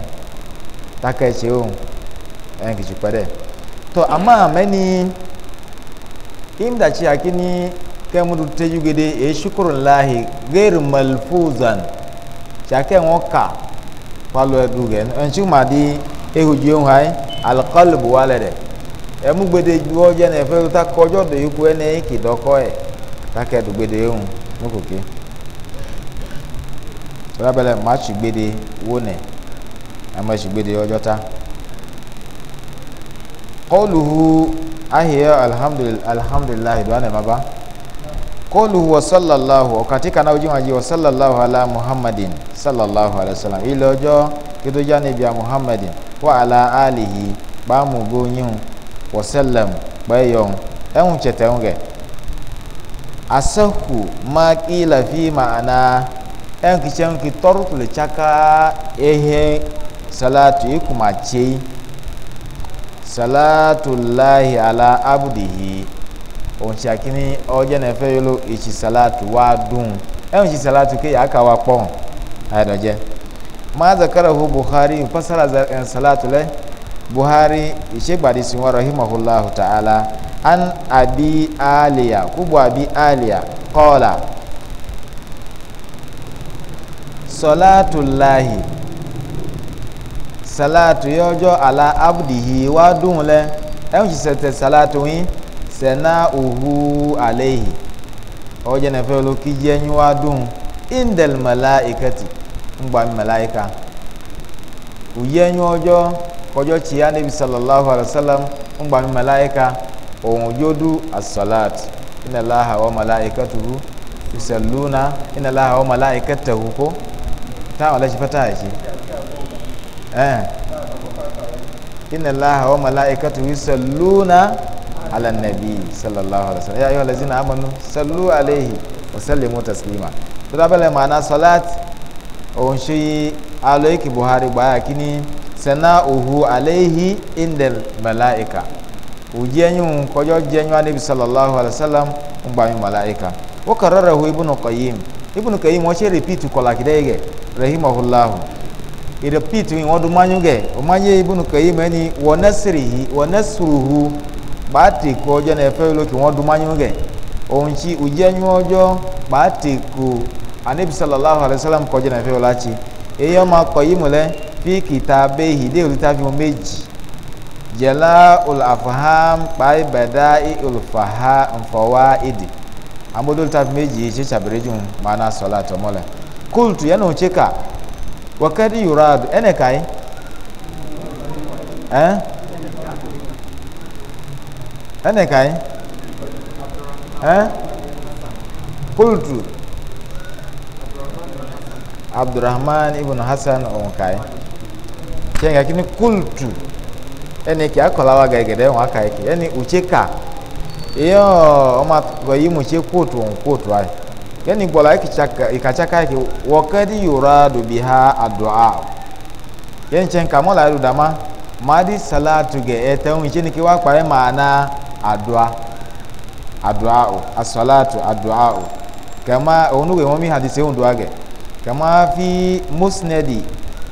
taka ẹ̀ ṣe o ẹ̀ kì To ama dẹ̀ im àmọ́ àmẹ́ni ìmdàchi àkíní kẹ́mùdù tẹ́jú gèdè èyí ṣukuru láàhì gẹ́rù malfuzan ṣàkẹ́ wọn kà palo ẹ̀dù gẹ̀ ẹ̀ńṣú màá di ehujú ohun ayé alikọ́lùbù wálẹ̀ dẹ̀ ẹ̀múgbèdè ju ọjọ́ náà ẹ̀fẹ́ tó takọ́ ọjọ́ dòyìkú ẹ̀ náà ẹ̀kì dọ́kọ́ ẹ̀ takẹ́ ẹ̀dùgbèdè ohun ní kòkè bẹ́lẹ́bẹ́lẹ́ má ṣègbèdè wone ẹ má ṣègbèdè ọjọ́ ta. kọ́ọ̀lùhù ahìyẹ alhamdulilayi dùn ánà bàbá kọ́ọ̀lùhù wasallallahu ọ̀kàtí kanáà ojú wọn ala muhammadin sallallahu alayhi wa sallam ilé ọjọ́ kìtó já muhammadin wa ala alihi gbàmù gbóyún wasallam gbẹ́yọ̀n ẹ̀hún tẹ̀tẹ̀ ń rẹ̀ asẹ́kù má kí làfi màánà ɛn kì tsɛn kì tɔrɔ kò le tsaka ehe salatu ikuma tse salatu lahi ala abudihi òun tsi akini ɔdze na ɛfɛ yolo etsi salatu wa dun ɛn e tsi salatu ke yaka wa kpɔ ayi dɔ dze maa ho buhari pasara ɛn eh, salatu lɛ buhari ìṣègbàdì sinwó rahimahulahu ta'ala an abi aliya kubu abi aliya kɔɔla sọláàtù láàyè sọláàtù yọjọ àlà abùdìhì wá dùn lẹ ẹ̀hún sì sẹ̀tẹ̀ sọláàtù yín sẹ̀nà òhu àlẹ́ yìí ọjọ́ náà fẹ́ ló kí jẹ́ yín wá dùn indel malaikati ngba malaika uyenyo ojo kojo chi ya nabi sallallahu alaihi wasallam ngba malaika ohun jodu as-salat inna allaha wa malaikatahu yusalluna inna allaha wa malaikatahu ko táwọn lẹ́sí fẹ́tà yìí ṣe inna allaha wa malaikatu yusalluna ala nabi sallallahu alaihi wasallam ya ayyuhal ladzina amanu sallu alaihi wa sallimu taslima to da bale mana salat on shi alaiki buhari baya kini sana'uhu alaihi indal malaika ujenyu kojo jenyu anabi sallallahu alaihi wasallam umba malaika wa kararahu ibnu qayyim ibnu qayyim wa shi repeat kola kidege rahimahullahu ìrẹ̀pìtì wọn dún mányú gẹ̀ ọmọnyé ibùnú kẹyìn mẹ́ni wọ́nẹ́sìrìhù bàtì kọ ọjọ́ náà ẹ̀fẹ́ olókè wọn dún mányú gẹ̀ ohun tí ojẹ́nyú ọjọ́ bàtì kọ anibisalallahu alayhi salam kọjá náà ẹ̀fẹ́ ọláchi èyí ọmọ akọ yìí mọ̀lẹ́ fi kìtà abéhì dé òrìta fi wọn méjì jẹ̀lá olùfahàn pàì bẹ̀dá olùfahàn nfọwá ìdì amódólítà fi méjì ṣe ṣàbẹ̀rẹ̀ jù mọ́ kultu yana wuce ka wa kadi yuradu ene kai eh ene kai eh kultu abdurrahman ibn hasan on kai kenga kini kultu ene ki akolawa gaigede won akai ki ene uche ka iyo o ma go yimu che kotu on kultu ai yani gbola ikachaka yake wakadi yuradu biha addu'a yani chen kamola yadu dama madi salatu ge etawun ichini kiwa kpare maana addu'a addu'a as-salatu addu'a kama onuge momi hadise undu age kama fi musnadi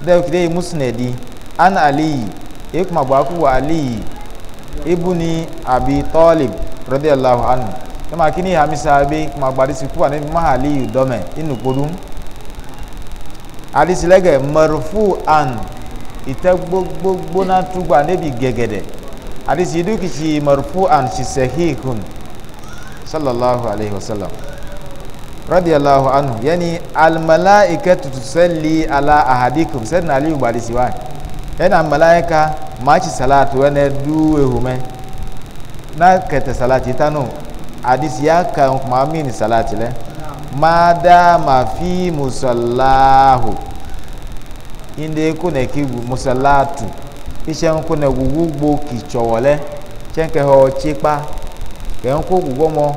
da kide musnadi Ana ali ikma baku wa ali ibuni abi talib radiyallahu anu kama kini hamisa abi kuma gbadisi kuwa ni mahali yu dɔmɛ inu kpodum adisi lɛgɛ mɛrufu an ite gbogbo na tugba nebi gɛgɛdɛ adisi idu kisi mɛrufu an si sehihun sallallahu alayhi wa sallam radiyallahu anhu yani almalaika tutusalli ala ahadikum sɛdina aliyu gbadisi wa yani almalaika maa ci salatu wɛnɛ duwe hume na kɛtɛ salati tanu hadisi ya kan mamin salati le ma fi musallahu inde kuna ki musallatu ishe kuna gugugbo kichowole chenke ho chipa ke nko gugomo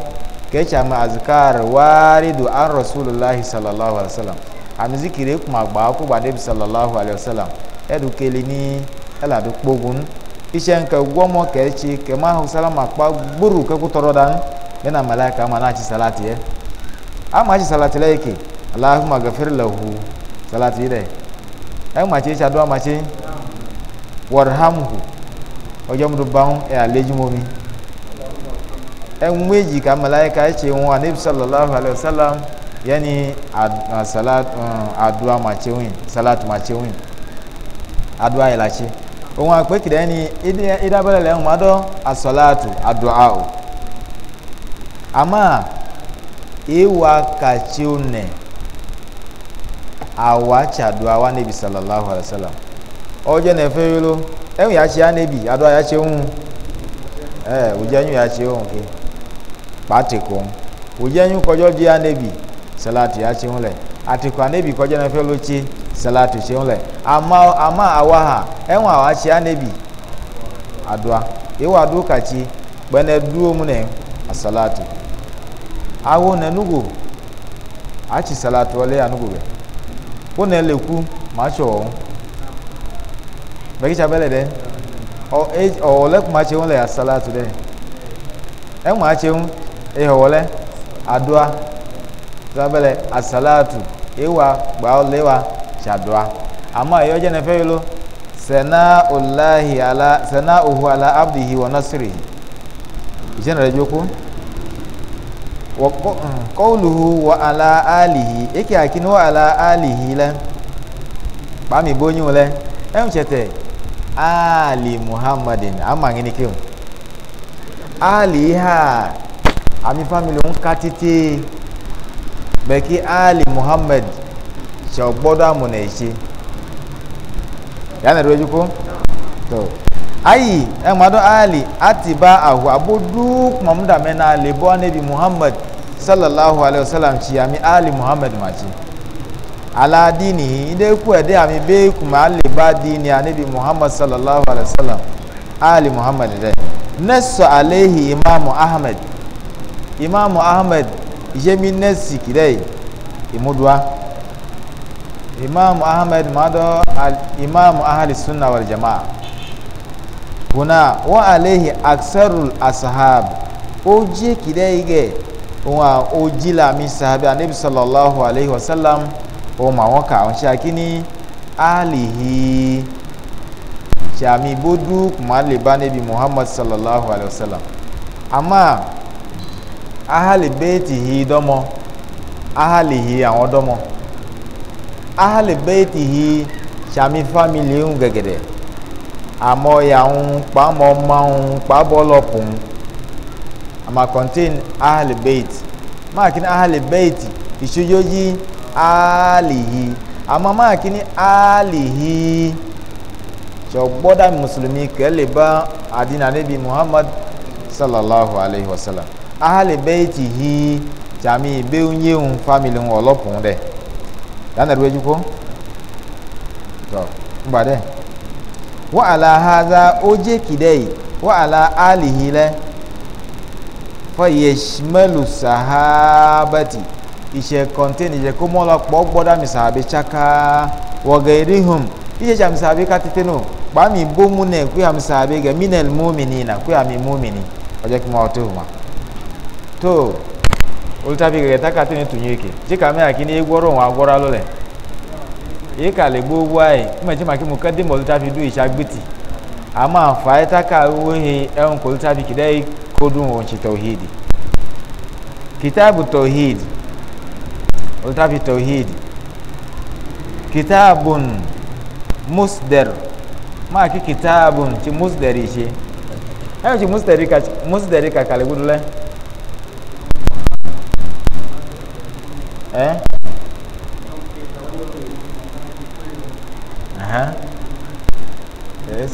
ke chama azkar waridu an rasulullah sallallahu alaihi wasallam amizikire kuma gba ku gbade bi sallallahu alaihi wasallam edukeli ni eladu kpogun ishe nke gugomo ke chi ke ma hu salama pa gburu ke ku torodan yana mala'ika ma na ci salati ya eh? amma ci salati la yake allahumma ghafir lahu salati dai ai mace ci addu'a mace warhamhu ojo mu dubban e eh, aleji momi en meji ka mala'ika ya ce wa nabi sallallahu alaihi wasallam yani salat eh, addu'a mace win salat mace win addu'a ya lace ohun àpèkìdẹ́ ni idábẹ́lẹ̀ lẹ́hùn mọ́dọ́ asọ́láàtù àdúrà o ama ewa kachi une awa chadu wa nebi sallallahu alaihi wasallam oje na efe yolo enwe ya chi anebi adu ya chi ohun eh oje enyu ya chi ohun ke patiko oje enyu kojo di anebi salati ya chi ohun le Atikwa anebi kojo na efe lo chi salati chi ohun le ama ama awa ha enwe awa chi anebi adua ewa adu kachi gbene duo mu ne asalatu awo na enugo achi salatu ole ya nugo be wo na eleku ma cho o be ki chabele de o e o le ma che won le ya salatu de e ma che won e ho le adua chabele asalatu ewa gba ole wa chadua ama yo je na fe lo sana ullahi ala sana uhu ala abdihi wa nasrihi ijana rajoko kɔluhu wa ala alihi eke akini wa ala alihi lɛ kpami bonyi lɛ ɛn e tsɛtɛ ali muhammadin ama ŋini kewu ali ha ami family ŋu ka titi bɛki ali muhammad tsɛ gbɔdɔ amu na etsi yanni ɛdi wo edzo ko tɔ ayi ɛn e ma do ali ati ba ahu abo duu kumamu dame anabi muhammad sallallahu alayhi wa sallam ci ami ali muhammad ma ci ala dini ide ku ede ami be kuma ali ba dini anabi muhammad sallallahu alayhi wa sallam ali muhammad de nasu alayhi imamu ahmed imamu ahmed yemi nasi kidai imudwa imamu ahmed mado al imamu ahli sunna wal jamaa kuna wa alayhi aksarul ashab o kidai ge òun à ó jí làmì sàbẹ anabi sallallahu alayhi wa sallam òun mà wọn kà ọ̀n ṣe àkíní àlìhí ṣàmì bódú kùmà lè bá níbi muhammad sallallahu alayhi wa sallam àmà ahalibetihi dọ́mọ ahalihi àwọn dọ́mọ ahalibetihi ṣàmì fámìlì ń gẹ̀gẹ̀dẹ̀ àmọ́ yà ń pamọ́ máa ń pabọ́ lọ́pùn ama contain ahli bait máa kí ni ahli bait ìṣojú yí alihi àmọ́ máa ni alihi ṣọgbọ́dá mùsùlùmí kẹ́lẹ̀ bá àdínà níbi muhammad sallallahu alayhi wa sallam ahli bait hi jàmí ìbéhùn yéhùn fámìlì wọn ọlọ́pùn dẹ̀ lánàá ìwé jùkọ́ tọ́ ń gbà dẹ̀ wọ́n àlàáhà za ó jẹ́ kìdẹ́ wọ́n àlàáhà alihi lẹ́ fayeshmalu sahabati ishe contain ishe kumola kpɔ gbɔda misahabi tsaka wɔgɛrihum ishe tsa misahabi katete no gbami bomu nɛ kuya misahabi gɛ minel mumini na kuya mi mumini ɔjɛ kuma ɔtɔ huma to olùtàbí gɛgɛ takate ne tunyi eke tsika mɛ akini egbɔrɔ wọn agbɔrɔ alo kodun wonci tauhidi kitabu tauhidi littafi tauhidi kitabun musdar ma ki kitabun ci musdari ce yau ci musdari ka musdari ka kale gudu le eh aha yes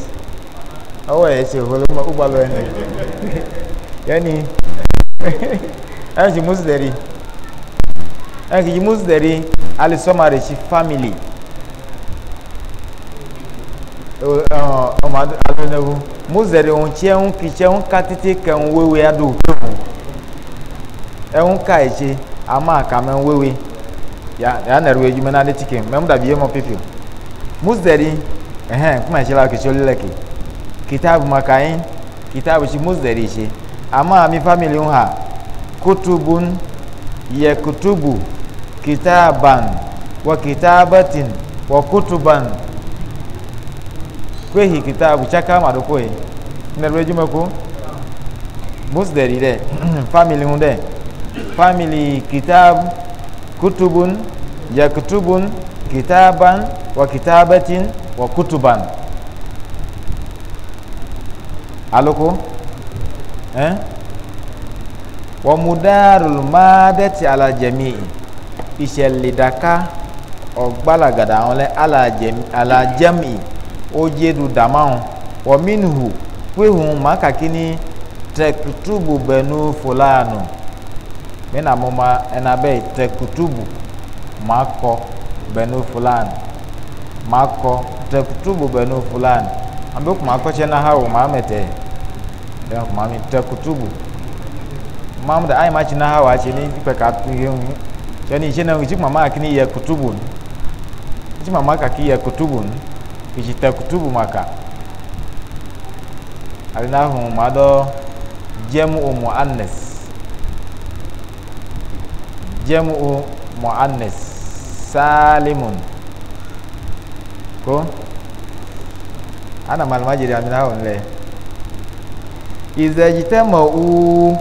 awa ya ce hulun ma ubalo ne yani an shi musu dari an shi musu dari alisoma da shi family ọmọ alonso musu dari ohun tí ẹhun kì í ṣe ẹhun ká títí kẹhun wéwé adó òkèwọ̀n ẹhun ká ẹ̀ ṣe a máa kà mẹ́hun wéwé yà nà ẹ̀rọ ẹ̀djúmẹ́ náà létí kẹ́hìn mẹ́mú dàbí yẹ́mọ pípì musu dari ẹ̀hẹ́n kúmọ̀ ẹ̀ṣẹ́ la kìí ṣe olólẹ́kì kìtàbù màkàyín kìtàbù ṣe musu dari ṣe ama ami family ha kutubun ya kutubu kitaban wa kitabatin wa kutuban kwehi kitabu chaka madoko e nerwe juma ko musdari <clears throat> de family hunde family kitab kutubun ya kutubun kitaban wa kitabatin wa kutuban aloko eh? wa mudarul madati ala jami'i ìṣẹ̀lẹ̀ daka ọ̀gbalagada àwọn lẹ ala jami'i ó jẹ́du dàmáhùn wa minhu pehùn maka tẹkutubu bẹnu benu mina mo ma ẹna bẹ́ẹ̀ tẹkutubu makọ bẹnu fulanu makọ benu bẹnu fulanu àbí kò makọ tiẹ̀ náà ha wò ya mami tẹ kutubu mamu da ayi ma tsi na ha wa ni pẹ ka tu ye ŋu ni tsi na ŋu tsi mama kini yẹ kutubu nu tsi mama kaki yẹ kutubu nu kitsi tẹ kutubu ma ka ali na hu ma dɔ jɛmu o mu anes jɛmu o mu ko ana malima jeli amina hu lɛ ìzẹ̀jì tẹ́mọ̀ uu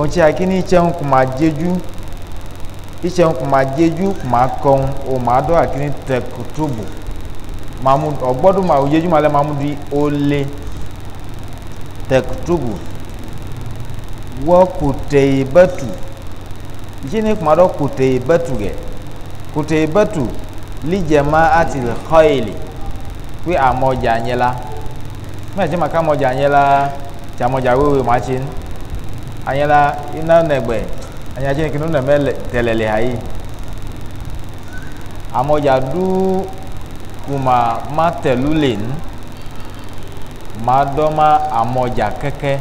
ọ̀nchí akíní ìtsẹ̀hún kò máa dzéjú ìtsẹ̀hún kò máa dzéjú kò máa kọ́hún o máa dọ́ akíní tẹ̀kútùbù mamudu ọgbọ́dún máa dzéjú máa lẹ́ mamudu olè tẹ̀kútùbù wọ́ kùtẹ̀ ìbẹ́tù ìtsẹ̀hún kò máa dọ́ kùtẹ̀ ìbẹ́tù gẹ̀ kùtẹ̀ ìbẹ́tù lìjẹ̀má àti xọ́ìlì pé àmọ́ jà nyẹ́la mẹ́tí màkà mọ̀jà yẹn la tí a mọ̀jà wíwí màá tsi anyi la iná nẹgbẹ́ anyi la tsi ni kinu nẹmẹ tẹlẹlẹ ayi amɔdza du kuma ma tɛlu le nu ma dɔ ma amɔdza kɛkɛ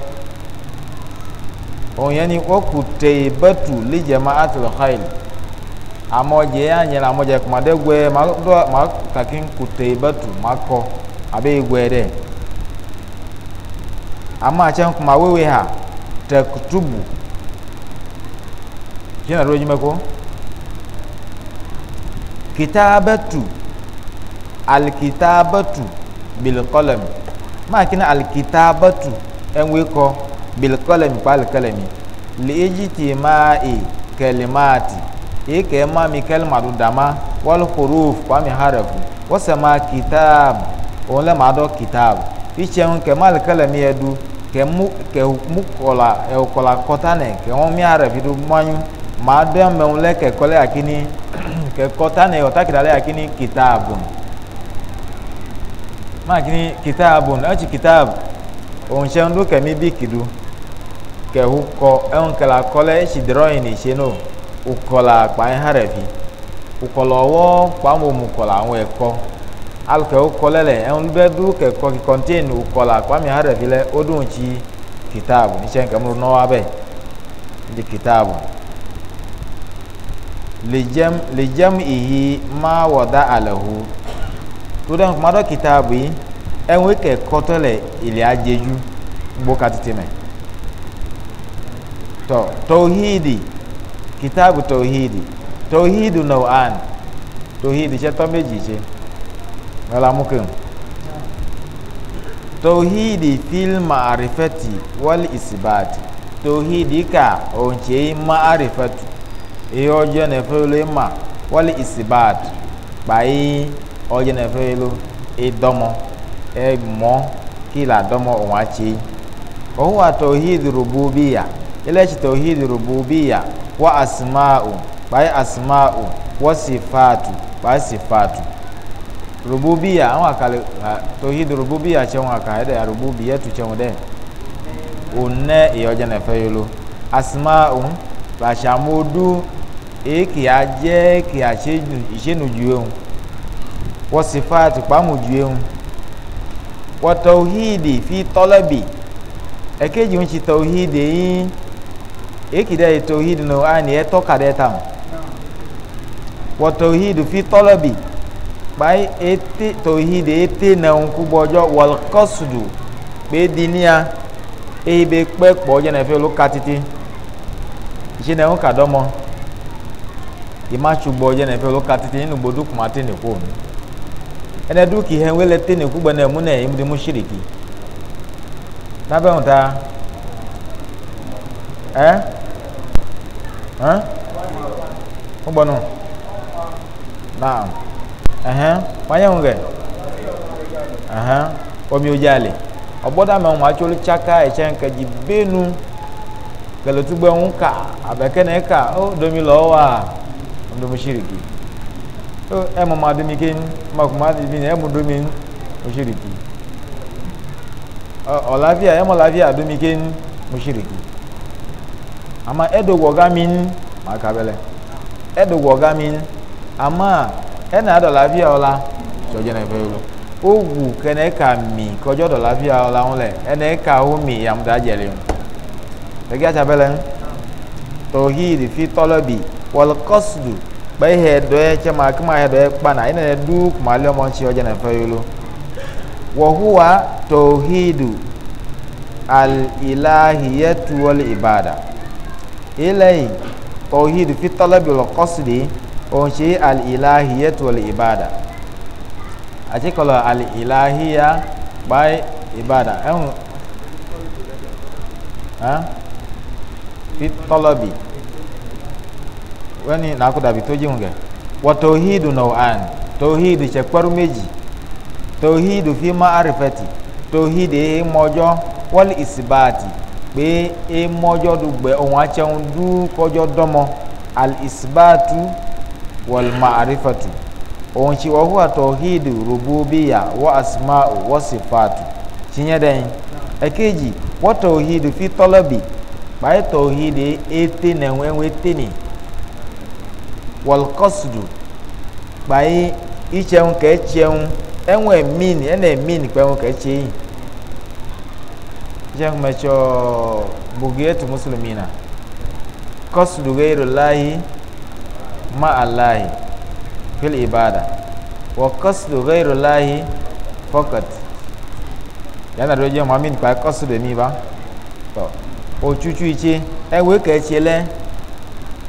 òun yẹn ni ɔkù tẹ bẹtù lidze ma atẹlẹ xayil amɔdze yẹn anyɛ la amɔdza kuma dɛ gbɛ ma dɔ ma kàkí kù tẹ bẹtù ma kɔ abe gbɛ dɛ amma a can kuma wewe ha ta kutubu yana roji mako kitabatu alkitabatu bilkolami máa kí ní alkitabatu ẹnwé kọ bilkolami pa alikalami lèyí tì máa ì kẹlímaati èyí kẹ́ máa mi kẹlímaatu dàmá wọ́n huruf kwami harafu wọ́n sẹ́ máa kitaabu òun lẹ́ máa dọ́ kitaabu ìṣẹ́ ń kẹ́ máa ke mu ke mu kɔla e kɔla kɔta nɛ ke wɔn mi arɛ fi do mɔanyu maa do ame ŋu lɛ ke kɔlɛ akini <clears throat> ke kɔta nɛ ɔta kita lɛ akini kita abon maa kini kita abon ɛtsi kita ab òun tse ŋu bi kidu ke wu kɔ ɛŋu e kɛlɛ akɔlɛ etsi drɔyin ni tse no wò kɔla kpa yi hã rɛ fi wò kɔlɔ wɔ mo mu kɔla ŋu ɛkɔ. E alùkẹ́ wokɔ lɛ lɛ ɛnu bɛ du kɛkɔ ki kɔnten wokɔ la kwami arɛvi lɛ odun tsi kitaabu nitsɛ nkɛmu nɔ abɛ ndi kitaabu lidzɛm lidzɛm ihi ma wɔda alɛhu tó dɛ nkuma dɔ kitaabu yi ɛnu ekɛ kɔtɔ lɛ ili adzedu gbɔ katiti mɛ tɔ tɔhidi kitaabu tɔhidi tɔhidu nɔ an tɔhidi tsɛ tɔ méjì lamukin tauhidi fil ma'arifati wal isbat tauhidi ka once ma'arifatu ihe ọjọ na efelu ma wal isbat kpai ọjọ na efelu idomo e emo kila domo onwachi ohuwa tauhidi rububiya ilaci tauhidi rububiya wa asma'u kpai asma'u wa sifatu kpai sifatu rububiya an wa kali tohid rububiya cɛn wa ka ɛdɛ rububiya tu cɛn dɛ onɛ iyɔjɛ nɛ fɛ yolo asima ohun basamudu ekiya jɛ kiya senu jue ohun wɔsifa tukpamu jue ohun wɔtɔhidi fi tɔlɛbi ɛkeji ohun tsi tɔhidi yi eki dɛ tɔhidi no ani ɛtɔka dɛ tam wɔtɔhidi fi tɔlɛbi bai ete tauhid ete na nku bojo wal qasdu be dinia e be pe je na fe lu katiti ise na nka domo ima chugbo je na fe lu katiti ninu bodu kuma te ni ko ni ene du ki hen wele te ni ku gbe na mu na imu de mu shiriki na be unta eh eh ugbonu naam ẹhẹn wáyẹ̀wò rẹ̀ ẹhẹn omi ojú àlè ọ̀bọ́dàmẹ̀ wọn atsolu chaka ẹ̀tsẹ̀ nkẹ́dzi bẹ́ẹ̀nu kẹlẹ́tugbẹ́ ń kà abẹ́kẹ́nẹ́ kà ó domi lọ́wọ́ wa ọ̀dọ́mi sírìkì ó ẹ̀mọ́ máa domi ké ń mọ̀kùmá domi ní ẹ̀mọ́ domi ń mọ̀sírìkì ọ̀làfíà ẹ̀mọ́ làfíà domi ké ń mọ̀sírìkì àmà ẹ̀dọ̀wọ̀gá mi ń ɛna dɔlavia ɔla tsɔdze na eƒe wolo owu kɛnɛ ka mi kɔdzɔ dɔlavia ɔla ŋu lɛ ɛnɛ ka wo mi yamu da dze le ŋu egi atsa bɛ lɛ ŋu tɔhi ɖevi tɔlɔ bi wɔlɔ kɔsudu bɛ ihe dɔɛ tsɛ ma kuma ihe dɔɛ kpana ene ne du kuma lɛ mɔ ŋtsi ɔdze na eƒe wolo wɔhuwa tɔhidu al ilahiyɛtu wɔli ibada ilayi tɔhidu fi tɔlɔ bi wɔlɔ kɔsudu yi òun ṣe alìláhìyẹ tó lè ìbàdà àti kọlọ alìláhìyà gba ìbàdà ẹhùn tọlọbì wẹ́ni nàkúdàbí tó jíhùn gẹ̀ wọ́n tòhídù nà àn tòhídù ṣẹ̀pẹ́rú méjì tòhídù fi má àrífẹ́tì tòhídù èé e mọ́jọ́ wọ́lì ìsìbáàtì pé èé e mọ́jọ́ dùgbẹ́ òun àtsẹ̀hún dúkọ́jọ́ dọ́mọ àlìsìbáàtù. والمعرفة onchi wa huwa tauhidu rububiyya wa asma'u wa sifatu tinya den ekeji wa tauhidu fi talabi bai tauhidi ete na wenwe ete ni wal qasdu bai icheun ka echeun enwe min ene min pe won ka echeyin jeng mecho bugiyatu muslimina qasdu ghairullahi ma'allahi fil ibada wa qasdu ghairu lahi faqat yana do je mamin pa qasdu mi ba to o chuchu ichi e we ka ichi le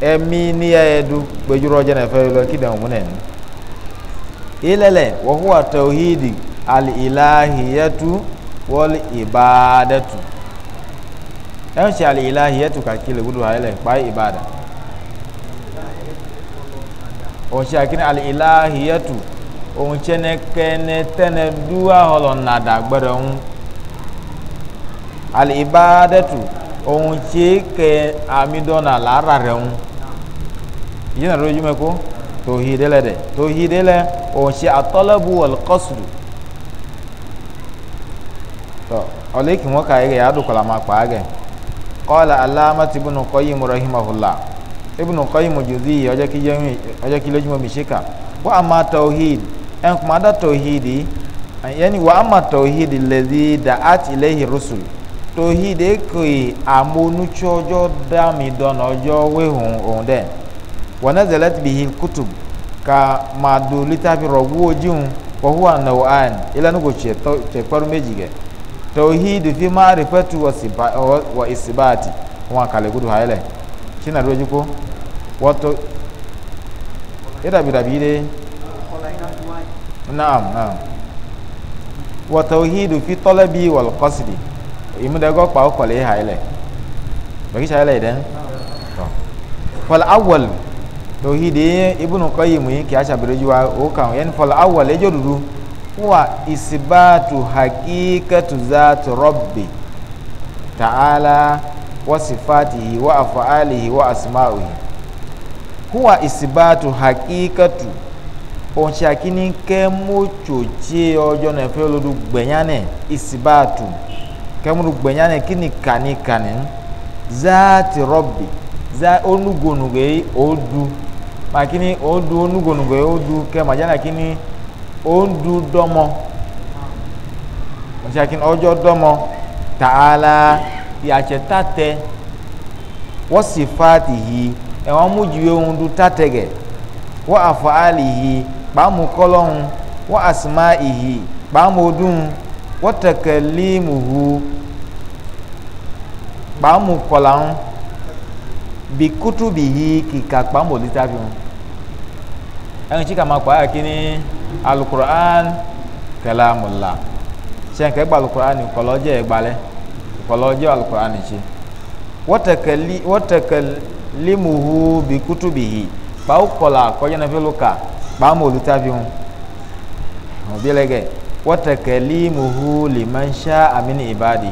emi ni ya edu gbejuro je na fe lo kidan mu nen ilele wa huwa tauhidi al ilahiyatu wal ibadatu en shi al ilahiyatu ka kile gudu pa ibada ɔsi akini alilahiyatu ohun tsɛnɛ kɛnɛ tɛnɛ du ahɔlɔ nada gbɛdɛ ŋu alibadatu ohun tsi kɛ amidɔna lara rɛ ŋu yina do yi mɛ ko tohi de lɛ dɛ tohi de lɛ ohun tsi atɔlɛbu wɔlikɔsudu tɔ ɔlɛ kí wọn ka yi kɛ yadu kɔlama kpaa kɛ kɔɔla alamati bunu kɔyi mu rahimahula ibùnà kọ́yìmọ̀ jòzí ọjọ́ kí lójúmọ́ mi ṣe kà wà á máa tọ́hìd ẹn kò máa dá tọ́hìd yẹn ni wà á máa tọ́hìd lẹ́dí dà á ti lẹ́yìn rọ́sùl tọ́hìd èkó àmọ́nútsọ́ ọjọ́ dámì dọ́nà ọjọ́ wéhùn òun dẹ́ wọ́n náà zẹ̀lẹ́ ti bìhí kútù ka máa do lítàfi rọ̀gbú ojúun wọ́hùn ànáwó àn ìlànà kò tẹ̀ pẹ́rú méjì gẹ̀ tọ́hìd fi máa rìpẹ́tù wọ̀ ìsìbáàtì wọn àkàlẹ̀ kúdù háyẹ̀lẹ̀ kí nàdúró jí kó wato irabi-rabi dai na'am na'am wa tauhidu fi talabi wal qasdi imu da go pa ko le haile bagi sha haile den to fal awwal tauhidi ibnu qayyim yi ki asha birjuwa o kan yan fal awwal e jodudu wa isbatu haqiqatu zat rabbi ta'ala wa sifatihi wa af'alihi wa asma'ihi huwa isibatu hakikatu ọ̀nṣẹ́ akíní kẹ́ mọ́tsòtsi ọjọ́ náà fẹ́ lọ́dún gbẹ̀yánẹ̀ isibatu kẹ́ mọ́dún kini kani kani? zaati rọ́bì za onugonugo yi odu makini odu onugonugo yi odu kẹ́ màjáná kíni odu domo, ọ̀nṣẹ́ akíní ọjọ́ dọ́mọ tààlà yàtsẹ̀ tàtẹ wọ́sifáàtì ẹ̀wọ̀n mú ju ohun dùn tàtẹ̀gẹ̀ wọ́n àfọ̀ àlì yìí kpàmù kọ́lọ́hún wọ́n àsìmá ìhì kpàmù ọdún wọ́n tẹ̀kẹ̀ líìmù hu kpàmù kọ́làhún bí kútù bì yí kìkà kpàmù òlítà fi hàn ẹ̀wọ̀n tí kàmá kpàá kìíní alukur'an kẹlẹ́mùlá sẹ́ńkẹ́ gba alukur'an kọ́lọ́jẹ́ gbalẹ́ kọ́lọ́jẹ́ alukur'an ṣe wọ́n tẹ̀kẹ̀ limuhu bi kutubihi kpawo kɔla kɔdzana fi luka kpamo lutavi ŋu wɔtɛkɛ limuhu limansa amini ibadi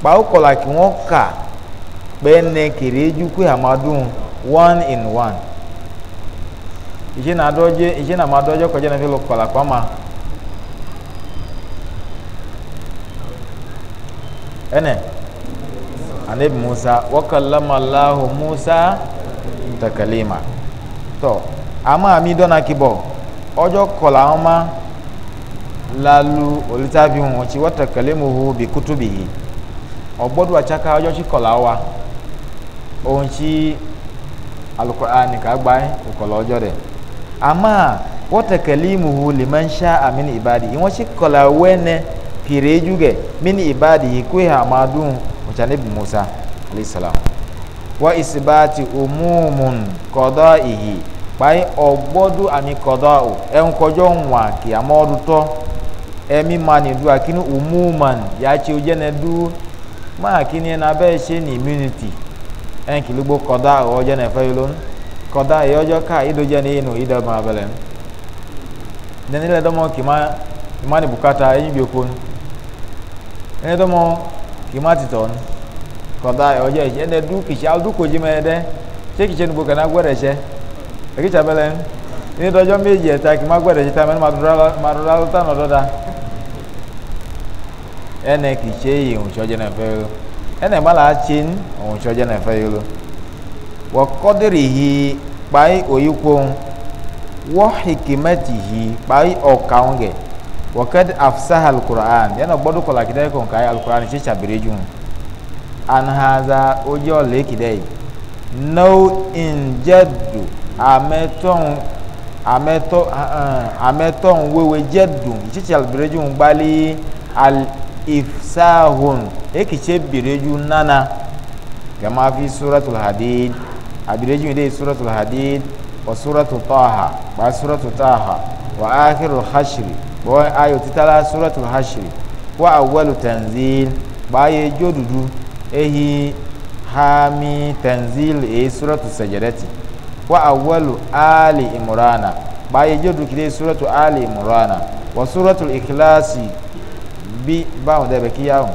kpawo kɔla ki ŋɔ ka kpɛnɛ kere amadun one in one ìṣẹ́nà àdọ́jẹ́ ìṣẹ́nà àmàdọ́jẹ́ kọjá náà fi lọ kọ̀là pàmà ẹnẹ́ anabi musa wakallama allahu musa takalima tɔ ama mi dɔna kibɔ ojo kola wɔn lalu olitabi wɔn tsi wɔ takalimu hu bi kutu bi yi ɔgbɔdo atsaka ɔjɔ tsi kɔla wa ohun tsi alukur'ani kagba yi okɔla ɔjɔ dɛ ama wɔ takalimu hu limansa amini ibadi yi wɔn tsi kɔla wɛnɛ pireju gɛ mini ibadi yi koe ha ma tani bi musa alayisalaam wa isibaati umumun kɔdɔ ihi kpai ɔgbɔdu ani kɔdɔ o ɛnkɔjɔ nwa kìámɔ ɔdutɔ ɛmi mani du akini umuman yatsi o jɛnɛ du ma akini ɛna bɛ se ni immunity ɛnkiligbo kɔdɔ o ɔjɛnɛ fɛ yi lon kɔdɔ yi ɔjɔ ka ido jɛni yi no yi dɛ ma bɛlɛ nɛni lɛ dɔmɔ kìma imani bukata eyi bi okun ɛni kimati ton kɔda ɔdze ɛdze ɛnɛ du kitsi adu kodzi mɛ ɛdɛ tse kitsi nugo kana gbɔ ɛdɛtsɛ ekitsi abɛ lɛ nu ne e dɔdzɔ mi edze ta kima gbɔ che ta mɛ ma do da ma do da ta nɔ dɔ da ɛnɛ kitsi yi ŋutsɔ dze nɛfɛ yelo ɛnɛ ma la tsi ŋutsɔ dze nɛfɛ yelo wɔ kɔdiri hi kpai oyi kpom wɔ hi kpai ɔkaŋ gɛ wakad afsaha alquran yana gbọdọ kọla kidai kọn kai alquran ṣe ṣàbẹrẹ jùn an haza ó jẹ ọlẹ kidai no injẹdu amẹtọhun amẹtọ amẹtọhun wewe jẹdu ṣe ṣàbẹrẹ jùn gbali alifsahun eki ṣe bẹrẹ jùn nana gama fi suratul hadid abẹrẹ jùn ilé suratul hadid wa suratul taha ba suratul taha wa akhiru khashiri bọ́ ayò títàlá suratul hashiri wà awwalu tanzil báyé jó dúdú ehi hami tanzil èyí suratul sajadati wà awwalu ali imurana báyé jó dúdú kìlẹ̀ suratul ali imurana wà suratul ikilasi bí báwọn dẹ́bẹ̀ kíyàwó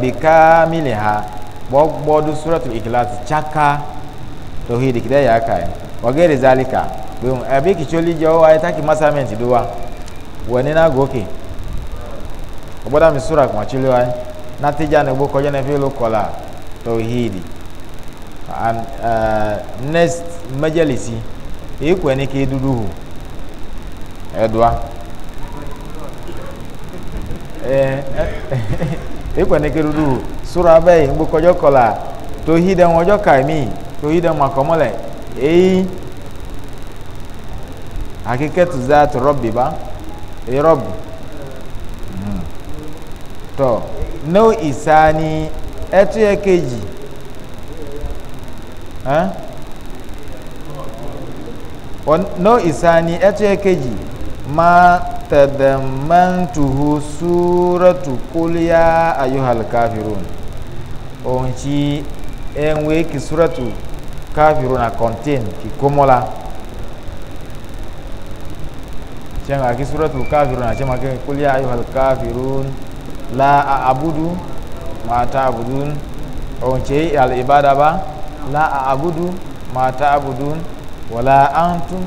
bikamili ha gbogbo suratul ikilasi chaka tauhidi kìlẹ̀ yà kàyè wà gẹ́rẹ̀ zálika gbẹ̀hùn àbí kìtsọ́lì jẹ́ ọ́ ayetaki masamẹ́ntì do wa wẹ̀ nínú agòkè ọgbọ́dọ̀ mi sùrà kùmà tsílẹ̀ wa yẹ nàtẹ́jà ni gbó kọjá ní fílù kọ́là tọ̀hídì uh, next mẹ́jẹ̀lìsì èyí kò ẹni kéé dúdú hù ẹ̀dùá èyí kò ẹni kéé dúdú hù sùrà bẹ́ẹ̀ gbó kọjá kọ́là tọ̀hídì ẹ̀wọ̀n ọjọ́ kàmí tọ̀hídì ẹ̀wọ̀n akọ́mọ́lẹ̀ èyí hakikatu zat rabbi ba e rabb mm. to no isani ẹtú yẹ kejì no isani ẹtú yẹ kejì ma tadamantuhu suratu kuliya ayuhal kafirun ohun tí ẹnwé kí suratu kafirun a contain kí kómọ́la cema ki suratul kafirun cema ki qul ya ayyuhal kafirun la a'budu ma ta'budun on ce al ibada ba la a'budu ma ta'budun wala antum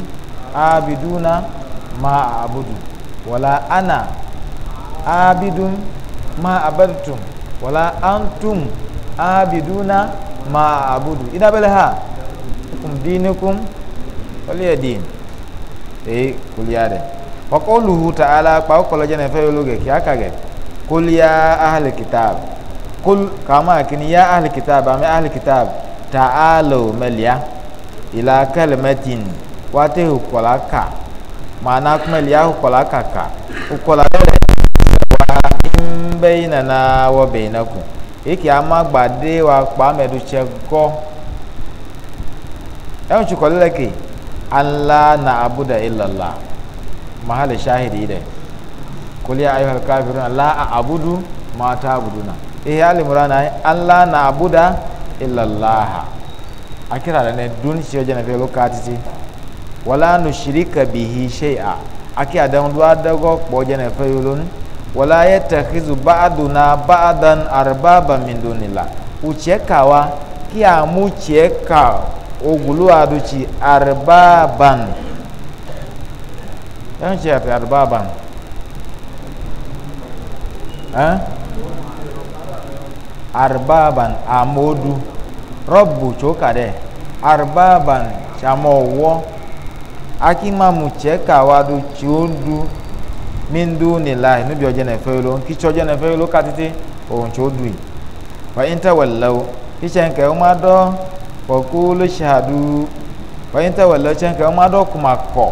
abiduna ma a'budu wala ana abidun ma abadtum wala antum abiduna ma abudu ina bala ha kum dinikum waliya din eh kuliya da وقوله تعالى باو كل جنة فيولوجي كيا كاجي قل يا أهل الكتاب قل كما كن يا أهل الكتاب أم أهل الكتاب تعالوا مليا إلى كلمة واتيه كلاكا معناه مليا كلاكا كا كلاكا بيننا وبينكم eke ama gbade wa kpa medu tse gɔ ɛnu tsi kɔlɛ ke ala na abuda ilala mahal shahidi da kul ya ayyuhal kafiruna la a'budu ma ta'buduna eh ya limrana an la na'buda illa allah akira da ne dun shi wajen fe lokati ti wala nushrika bihi shay'a aki adan duwa dago po wajen fe yulun wala yattakhizu ba'duna ba'dan arbaba min dunillah uchekawa ki amu ogulu aduchi arbaban yan ce fi arbaban eh? arbaban amodu rọ́bù chokade arbaban chamọwọ akimamu wadu chiondu mindu nilahi nubi ọjọ na efe olo nkichi ọjọ na efe olo katiti ohun tí ó dùn yìí fàyíntẹ̀wẹ̀lẹ́wò ìṣẹ̀ǹkẹ̀ ọmọ adọ́ pọ̀kú ló ṣe àdú fàyíntẹ̀wẹ̀lẹ́wò ṣẹ̀ǹkẹ̀ ọmọ adọ́ kùmà kọ̀.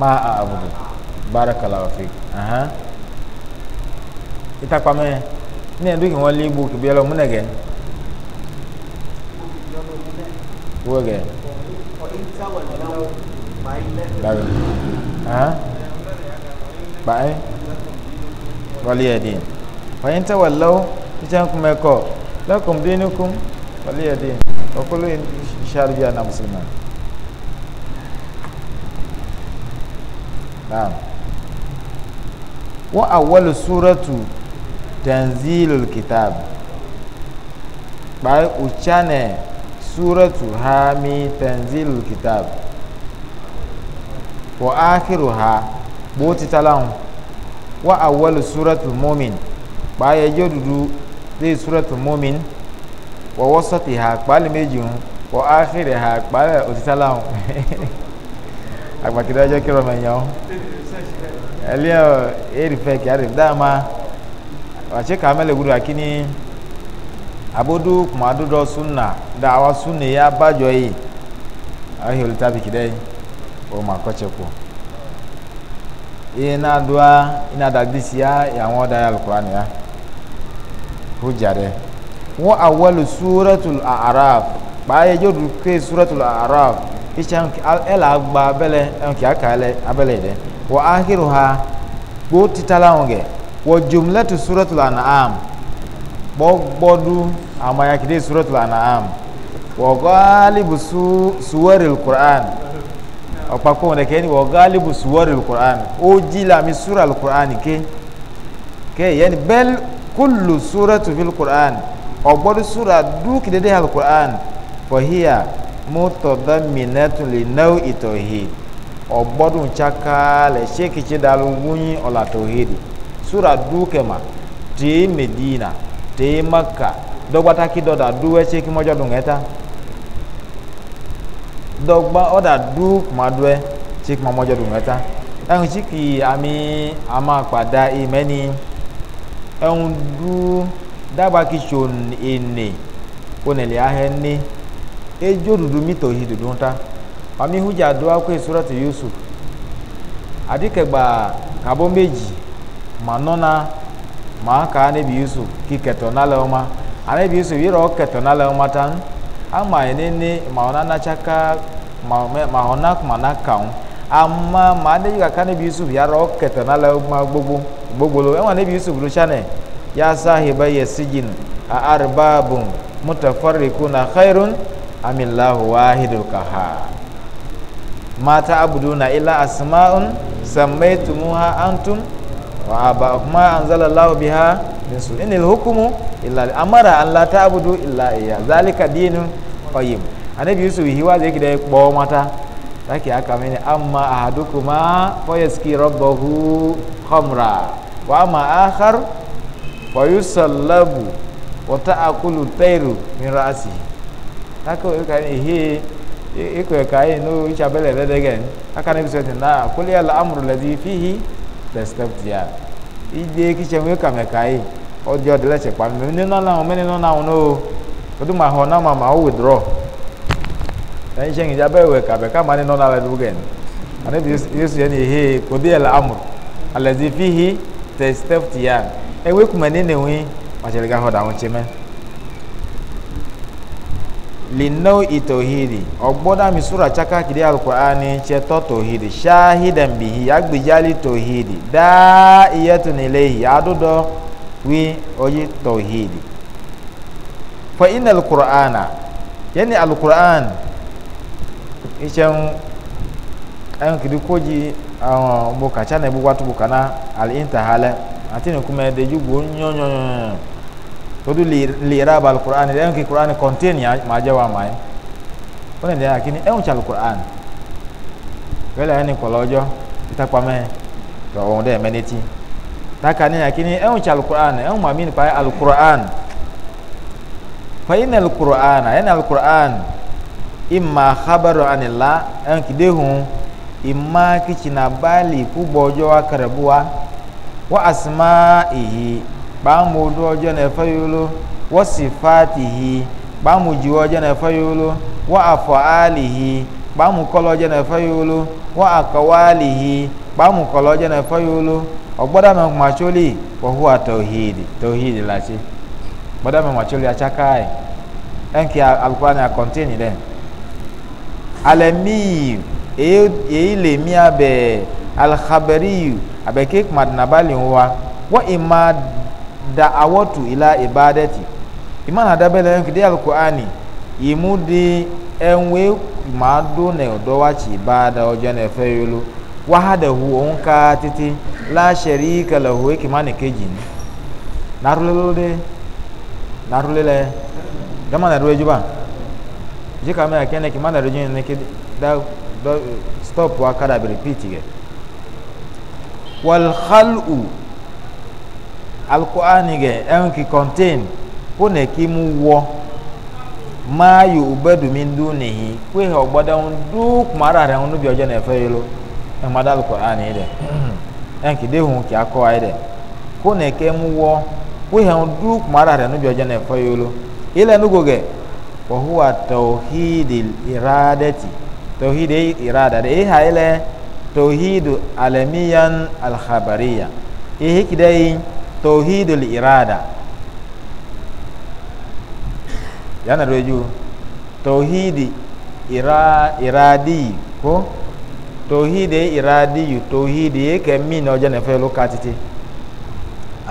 ma a abudu barakallahu fik aha ita kpame ne duki wọn lé ibu kibi ẹlọ múnẹ gẹn wúwo gẹn báyìí aha báyìí wọlé ẹdín wọ́n tẹ́ wọ́n lọ́wọ́ títí kún mẹ́kọ̀ lọ́kùn dínú kún wọlé ẹdín ọkùnrin ṣáàlùbíà náà mùsùlùmí. náà wọ́n àwọlù súrẹ́tù tanzilul kitab kpari uchane súrẹ́tù hami tanzilul kitab wọ́n ákìrù ha bó ti taláhùn wọ́n àwọlù súrẹ́tù mọ́mìn kpari ẹjọ́ dúdú lé súrẹ́tù mọ́mìn wọ́n wọ́sọ̀tì ha kpari méjì hùn wọ́n ákìrì ha kpari òtítàláhùn agbakiri ọjọ kí ọmọ ẹyàn ẹlẹ ọ erifẹ kí arif dáama wàṣẹ kàmẹlẹ wúru akíní abodu kumadudɔ sunna dawa sunna ya bajɔ yi ayi olu tabi kidɛ o ma kɔtsɛ ko ina doa ina da disiya yawon da ya alukurani ya hujja dɛ wọn awɔlu suratul araf kpaa yɛ jɔdu kpe suratul araf kisha ela agba abele nke aka ele abele de wa akhiru ha gbo titala onge wa jumlatu suratul an'am bo gbodu amaya kide suratul an'am wa galibu su suwaril qur'an ọ̀pàkọ́ wọn dẹ̀kẹ́ ni wọ́n gáàlìbù suwọ́rì alukur'ani ó jí lami sura alukur'ani ké ké yẹni bẹ́ẹ̀ kúlù sura tufi de ọ̀gbọ́dọ̀ sura dúkìdédé alukur'ani fọ̀híyà mutɔdɔminɛtu le nɛw itɔhe ɔgbɔdun tsaka le sekitsi dalu wunyi ɔlatɔhe de sura du kɛma tee medina tee maka dɔgbataki dɔda du ɛtse kimɔdzɔ dun ɛta dɔgba ɔda du kuma duɛ tse kuma mɔdzɔ dun ɛta ɛhun tsiki ami ama akpada imɛni ɛhun du dagbaki tso ene onele ahɛ ne edzo ɖuɖu mi tɔhi ɖuɖu ta wami hudza do akɔe surati yusuf adike gba kabo meji ma nɔna ma ka anabi yusuf ki kɛtɔ nalɛ wɔma anabi yusuf yɛrɛ kɛtɔ nalɛ wɔma tan ama yi nene ma wɔna natsaka ma ma wɔna kuma na kaŋ ama ma ne yika ka anabi yusuf yɛrɛ kɛtɔ nalɛ wɔma gbogbo gbogbolo ɛwɔ anabi yusuf do tsanɛ yasa heba yɛ sigin a arbabun mutafarikuna khairun. amillahu wahidul kahar ma ta'buduna illa asma'un sammaytumuha antum wa aba'ukum ma anzalallahu biha min sulhinil hukumu illa amara an la ta'budu illa iya zalika dinun qayyim anabi yusuf hiwa zai gida bo mata take aka mene amma ahadukuma fa yaski rabbahu khamra wa amma akhar fa yusallabu wa ta'kulu tayru min ra'sihi n'aka ka ni he ikwe ka yi no isha bele da degen aka ne bisotin na kulli al amru ladhi fihi tastabtiya ide ki che we ka me kai o jo de leche pa me ni no na o me ni no na o no o du ma ho na ma ma o withdraw dan shen ja be we ka be ka ma ni no na le dugen ane bi yesu ye ni he kulli e, al amru alladhi fihi tastabtiya e we kuma ni ne we ma che ga ho da o che me linau itohidi ogboda misura chaka kidi alqur'ani cheto tohidi shahidan bihi agbijali tohidi da iyatun ilayhi adudo wi oji tohidi fa ina alukurana, yani alqur'an ichan an kidi koji awon uh, buka chana buka tubukana al intahala atini kuma dejugo nyonyonyo todu liiraba li alqur'ani lẹ́yìn kí qur'ani contain ya máa jẹ́ e e e wa máa yẹ ó lè dẹ́yà kí ni ẹ̀hún ṣe alqur'ani wẹ́lẹ̀ ẹni kọ̀lọ́ ọjọ́ ìtàpamẹ́ lọ ọ̀hún dẹ́ mẹ́nẹ́tì dáka ní yàkí ni ẹ̀hún ṣe alqur'ani ẹ̀hún màmí nípa alqur'ani fẹ́yìn alqur'ani ẹ̀hún alqur'ani ìmà habaru anilá ẹ̀hún kìdéhùn ìmà kìchìnà báàlì kúgbọ̀ ọjọ́ wa kẹrẹ̀bùwa wọ́n asùnmá ìhì kpamu do ɔjɛ na ɛfɛ yolo wɔsi fatihi kpamu dziwɔ ɔjɛ na ɛfɛ yolo wɔ afɔ alihi kpamu kɔlɔ ɔjɛ na ɛfɛ yolo wɔ akɔwɔ alihi kpamu kɔlɔ ɔjɛ na ɛfɛ yolo ɔgbɔdame kumatsoli wɔhuwa tɔhidi tɔhidi la tsi gbɔdame kumatsoli atsaka yi ɛnke alukura ni akɔntini dɛ alɛ mii eyi le mia bɛ alihabɛri abɛ kekuma dunaba li wa wɔ da'awatu ila ibadati imana dabele en kidi alqur'ani imudi enwe madu ne odowachi ibada ojene feyulu wahadahu onka titi la sharika lahu kimani kejin narulele narulele dama na ruwe juba ji kamera kene kimana rujin ne kidi da stop wa kada bi repeat ge wal khal'u alukọ́ánì gẹ̀ ẹ̀hún kì kọ́ntẹ́n kó nà kí mu wọ́ máa yọ ọbẹ̀dùnmí dún nìyí kó ihe ọgbọ́dọ̀ ń dún kùmárà rẹ̀ ń bí ọjọ́ nà ẹ̀fẹ́ yìí lọ ẹ̀hún má dá alukọ́ánì dẹ̀ <clears throat> ẹ̀hún kì déhùn kì akọ́ ayé dẹ̀ kó nà kí mu wọ́ kó ihe ń dún kùmárà rẹ̀ ń bí ọjọ́ nà ẹ̀fẹ́ yìí lọ ilẹ̀ nugo gẹ̀ wọ́húwa tọ̀hídì ìrádẹ́tì tọ̀hídì ìrádẹ́tì e ìhà ilẹ̀ tọ̀hídù alẹ́míyàn alhabariya ìhìkìdẹ́yìn tauhidul irada yana reju tauhidi ira iradi ko tauhidi iradi tauhidi yake mi na ọjọ́ nẹfẹ́ ló ka títí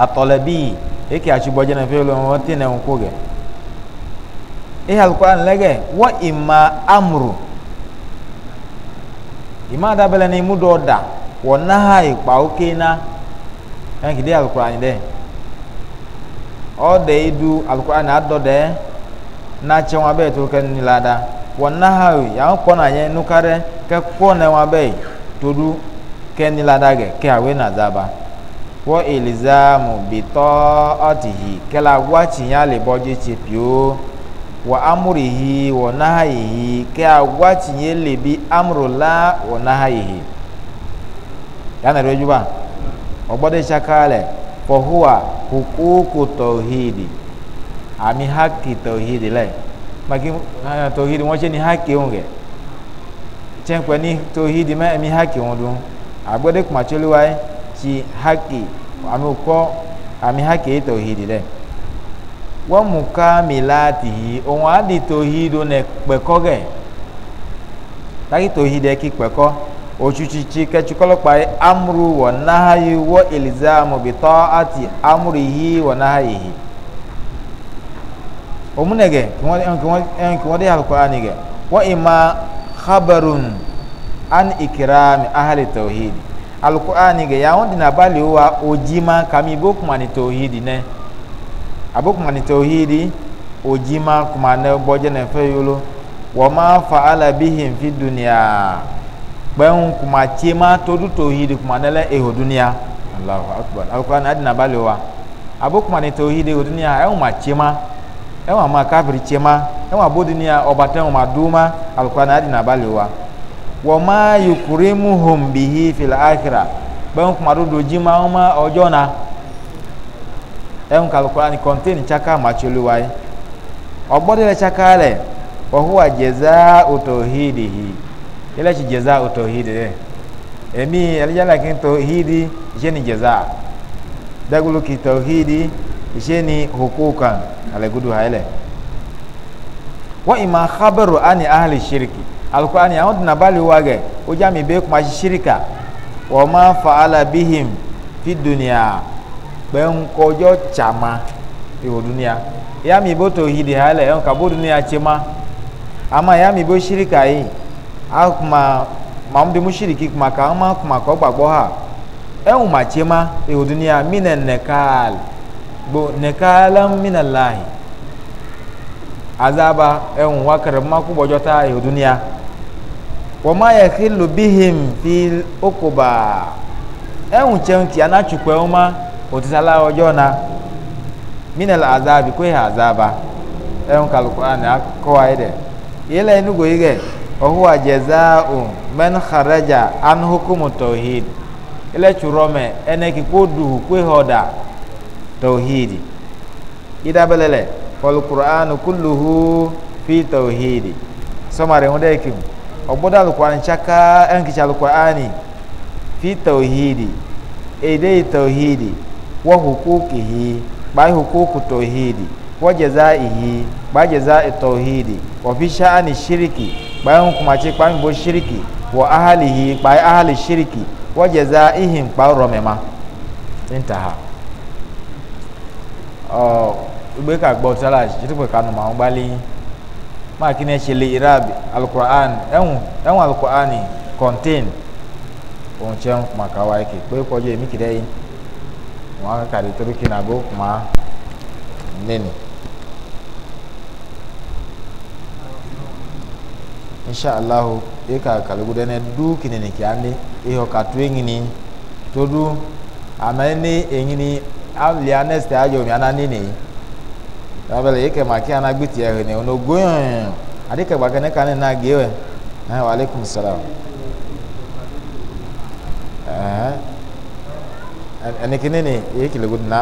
atọ́lẹ́bí yake àṣubọ̀ ọjọ́ nẹfẹ́ e ló wọ́n tí nẹ̀hún kó gẹ̀ ihe alukwan lẹ́gẹ̀ wọ́n ìmà amuru ìmà adábẹ́lẹ́ ni imú dọ̀ ọ̀dà wọ́n náà ìpà e ókè náà. ɛn kìdí alukurani dɛ ɔdɛ idu alukurani adɔ dɛ n'atsɛ wọn abɛ tó kɛ nila da wọn nahawi yàn kpɔ n'anyɛ nuka dɛ kɛ kpɔ nɛ wọn abɛ tó du kɛ nila da gɛ kɛ awɛ n'azaba wɔ elizamu hi ɔtihi kɛlɛ awuatsi yàn lè bɔdzi tsi pio hi wɔ amurihi wɔ nahayihi kɛ awuatsi yɛ lè bi amurula wɔ hi yàn nà ɛdɔ edzuba. ọgbọ́dọ̀ ìṣakalẹ̀ fọ̀húwà hukuku tọ̀hídì àmì hákì tọ̀hídì lẹ̀ màkì tọ̀hídì wọ́n ṣe ní hákì òun rẹ̀ tẹ́ǹpẹ́ ní tọ̀hídì mẹ́ẹ̀mí hákì òun dùn àgbọ́dọ̀ kùmàtsọ́lẹ́wà ti hákì àmì òkọ́ àmì hákì tọ̀hídì lẹ̀ wọ́n mú ká mi láti yìí òun á di tọ̀hídì nẹ̀ pẹ̀kọ́ rẹ̀ láti tọ̀hídì ẹ̀ kí pẹ̀kọ́. ochichichi kechikọlọkpai amru wọnahai wọ elizamu bitọ ati amurihi wọnahaihi omunege kiwọde eh, eh, ya wọ ima khabarun an ikirami ahali tauhid alkurani ge ya wọndi na bali wa ojima kami bo kuma ni ne ojima yolo duniya kpɛŋ kuma tse ma todu tohidi kuma ne lɛ eho duniya alahu akubar akukura na adi na ba le wa abo kuma ne tohidi eho duniya ɛŋ ma tse ma ɛŋ ma kabiri tse ma ɛŋ abo duniya ɔbata ɛŋ ma du ma akukura na adi na ba le wa wɔma yukurimu hom bihi fila akira kpɛŋ kuma do do dzi ma ɛŋ ma ɔjɔ na ɛŋ kalukura ni kɔnteni tsaka ma tse lu wa ye ɔgbɔdi lɛ tsaka lɛ wɔhuwa dzeza otohidihi yẹlẹ tsi jẹza o tɔhidi dɛ eh. emi ɛlɛdzala kí tɔhidi ìṣe ni jẹza dagolo kí tɔhidi ìṣe ni hokokan alẹgudu ha yẹlẹ wọ́n ìmọ̀ ani ahali shiriki alukurani àwọn na nabali wage, gẹ̀ ó já mi bẹ́ẹ̀ kumasi shirika wọ́n máa fa ala bihim fi dunia gbẹ̀ǹkọ́jọ́ tsama ìwò dunia yàmi bo tòhidi ha yẹlẹ ẹ̀ǹkà bó dunia tsema ama yàmi bo shirika yìí. akuma ma ndị mushiriki kuma ka ama kuma ka ọ gbagbọ ha enwu ma chema e ihudunia mine nekal gbo nekalam minalahi azaba enwu wakere mmakwu gbọjọta e ihudunia Wọma yẹ kí lubihim fi okuba ẹ̀hún e tsẹ̀hún tí anatsukpẹ́ wọn ma òtísàlá ọjọ́ na minel azabi kó yẹ azaba ẹ̀hún kaluku àná akọ́ ayé dẹ̀ yìí lẹ́yìn nugo yìí gẹ̀. وهو جزاء men kharaja عن حكم التوحيد ile churome ene kikudu kwe hoda tauhidi ida belele wal qur'anu kulluhu fi tauhidi somare ngode kim oboda alquran chaka enki cha alqurani fi tauhidi ede tauhidi wa huquqihi ba huququ tauhidi wa jazaihi ba jazai tauhidi wa fi sha'ani shiriki kpayin kumaci kpayin bo shiriki wa ahalihi kpayin ahali shiriki wa jaza ihin kpayin rọmẹma ha ọ igbe ka gbọ tala jitikpe kanu ma ń gbali máa kí ni ẹ ṣe lè irab alukur'an ẹ̀hún ẹ̀hún alukur'an contain ohun tí ẹ̀hún kuma kàwá yìí kì pé kọjú èmi kìdẹ́ yìí wọn kàdé torí kí kuma nínú. insha allahu eka kalugu dene du kinini kiande iho katu engini todu amene engini alianes te ajo mi anani ni abele eke maki ana gbiti ehe ne ono goyon adike gbagene kane na gewe eh wa alaikum salam eh ene kinini eke lugu na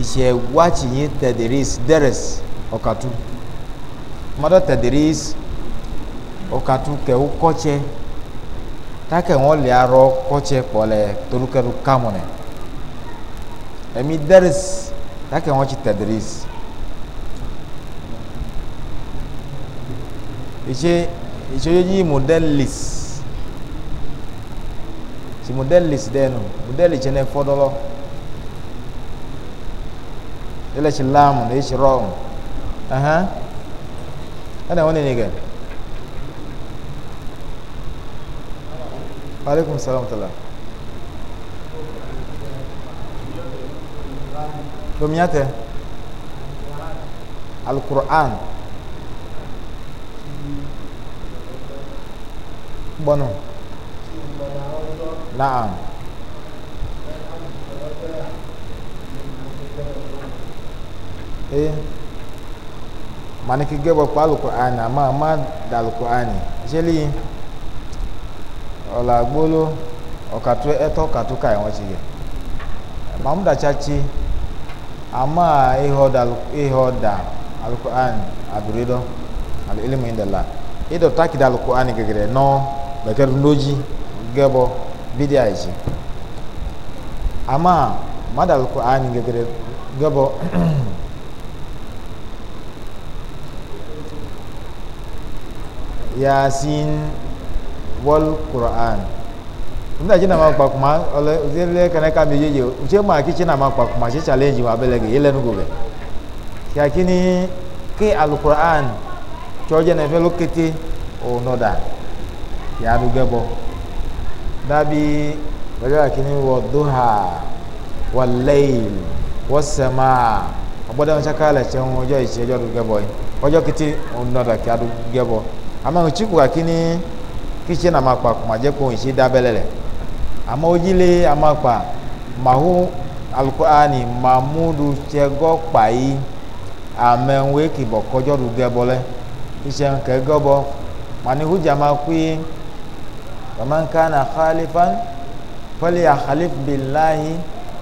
ìṣe wáàtì yín tẹ̀dẹ̀rẹ́s dẹ́rẹ́s ọ̀kàtú mọ́tò tẹ̀dẹ̀rẹ́s ọ̀kàtú kẹ̀wó kọ́tsẹ́ tákẹ́ wọn lè arọ kọ́tsẹ́ kpọ́lẹ̀ torúkẹ́rú kámọ́nẹ̀ ẹ̀mí dẹ́rẹ́s tákẹ́ wọn tsi tẹ̀dẹ̀rẹ́s ìṣe ìṣe yéyí mọ̀dẹ́lìs ìṣe mọ̀dẹ́lìs dẹ́nu mọ̀dẹ́lìs yẹn fọ́dọ́lọ́ ile shi lamu da shi rom aha ana wani ne gani alaikum salam tala domiyate alquran bono na'am eh mana ki gebo kwa alukur'ani ama ama da alukur'ani jeli ola gbolo okatu eto katu ka e won gị. ma mu da chachi ama iho da iho da alukur'ani adurido al ilmu ido taki da alukur'ani gegere no beker noji gebo bidia iji e ama ma da alukur'ani gegere gebo <clears throat> yasin wal qur'an nda jina ma kpa kuma ole zele kana ka mi yeje uche ma ki china ma kpa kuma che challenge wa belege yele nugo be ki akini ki alquran choje na velo kete o noda ya du gebo dabi wale akini wa duha wal layl was samaa obodo on chakala che do ojo ise ojo du gebo o kiti on noda ki adu gebo ama tsiku kakini kitsi na ma kpa kumadze ko ntsi da lɛ lɛ amewo dzi le ama mahu alukurani mamudu tsegɔ kpa yi amewoe kibɔ kɔdzɔ du ge bɔ lɛ kitsi ke gɔ bɔ manihu dzama kui famankana xalifan fɔli axalif bilahi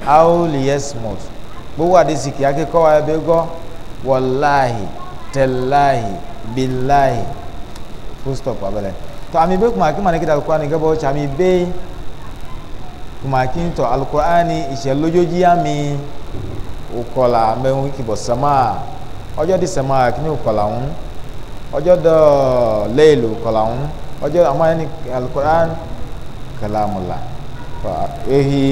awo liyesmut gbogbo adisi kìí akekɔ wa ebe gɔ walahi tɛlahi bilahi full stop abẹ́lẹ̀ tọ́ àmì bẹ́ẹ̀ kùmà kí màá ní kí dàgbà ní gẹ́bọ̀ ọ̀chà àmì bẹ́ẹ̀ kùmà kí ń tọ́ alukur'ani ìṣẹ̀lójójì àmì òkọlà mẹ́rin kìbọ̀ sẹ́mà ọjọ́ di sẹ́mà kí ni òkọlà ń ọjọ́ dọ̀ lẹ́ẹ̀lì òkọlà ń ọjọ́ àmọ́ ẹni alukur'an kẹlàmùlà ehi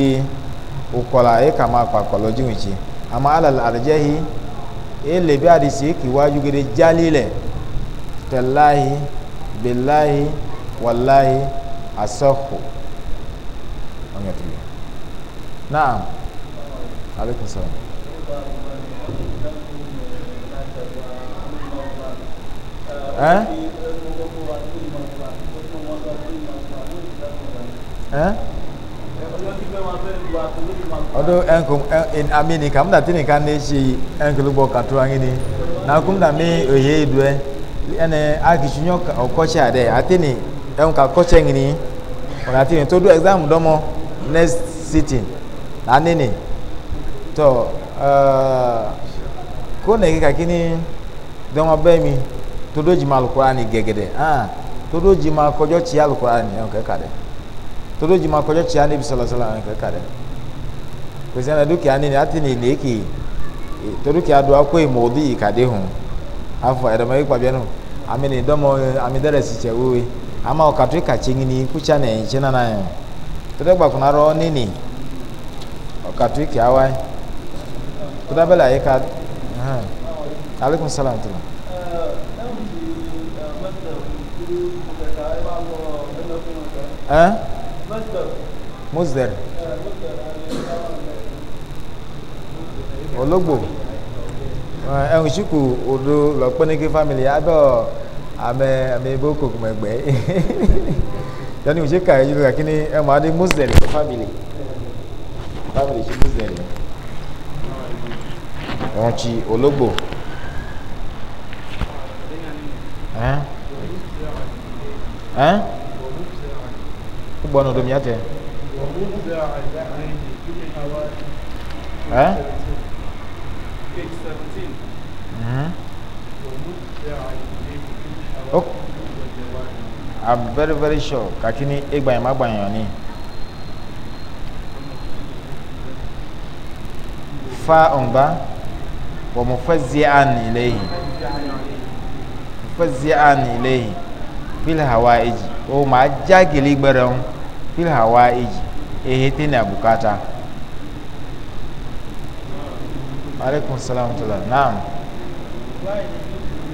òkọlà ẹ̀ kà máa pàkọ́ lọ́jọ́ ìjì àmọ́ alàlẹ́ àdìjẹ́hi ẹ̀ lè bí àdìsí kìwájú gẹ́gẹ́ jálílẹ̀ tẹ̀láhi bilahi walahi asɔho ɔnyɛ tuli naam aleykum salaam. ɛn ɛn ɔdo ɛnkum ɛn amini kamuna tini ka ne si ɛnkulu bɔ katura ngini na kumuna mi oye idu e akitsunyo ɔkɔtsi aɖe a ɛnu ka kɔtsi ɛŋini ɔna to do exam dɔmɔ next sitting la tɔ ɛɛ ni dɔmɔ bɛ mi to do dzima alukora ni gɛgɛdɛ hã to do dzima kɔdzɔ tsi alukora ni ɛnu kɛka dɛ to do dzima kɔdzɔ tsi anibi sɔlɔsɔlɔ ɛnu kɛka dɛ na dúkìá nini atini lèkì torí kìá do akó ìmọ̀ òdì yìí afɔ ɛdɔmɔ yi kpabia no ami ni dɔmɔ eh, ami dɛ rɛsi tsɛ woe ama wò katui katsi ŋini kutsa nɛ tsi nana yɛ tɛtɛ gba kuna rɔ nini ɔkatui kia wa tɛtɛ bɛ la yi ka hɛn aleykum salaam tuma. ɛn musdɛr ologbo ẹnusukù odo lọkpẹnike family abẹ ọ ame amebo kokumẹgbẹ yanni o ṣe ka ẹ yunifasẹ kini ẹ mọ adi muslim family family ṣe muslim wọn ti ológbò ẹ ẹ gbọ́n ọdún mi yàtẹ̀ ẹ. Okay. I'm very very sure kakini egba ma gba yan ni fa onba wa mufazzi'an ilayhi mufazzi'an ilayhi fil hawaiji o ma jagili gberon fil hawaiji ehete na bukata aleykum salaam wa naam.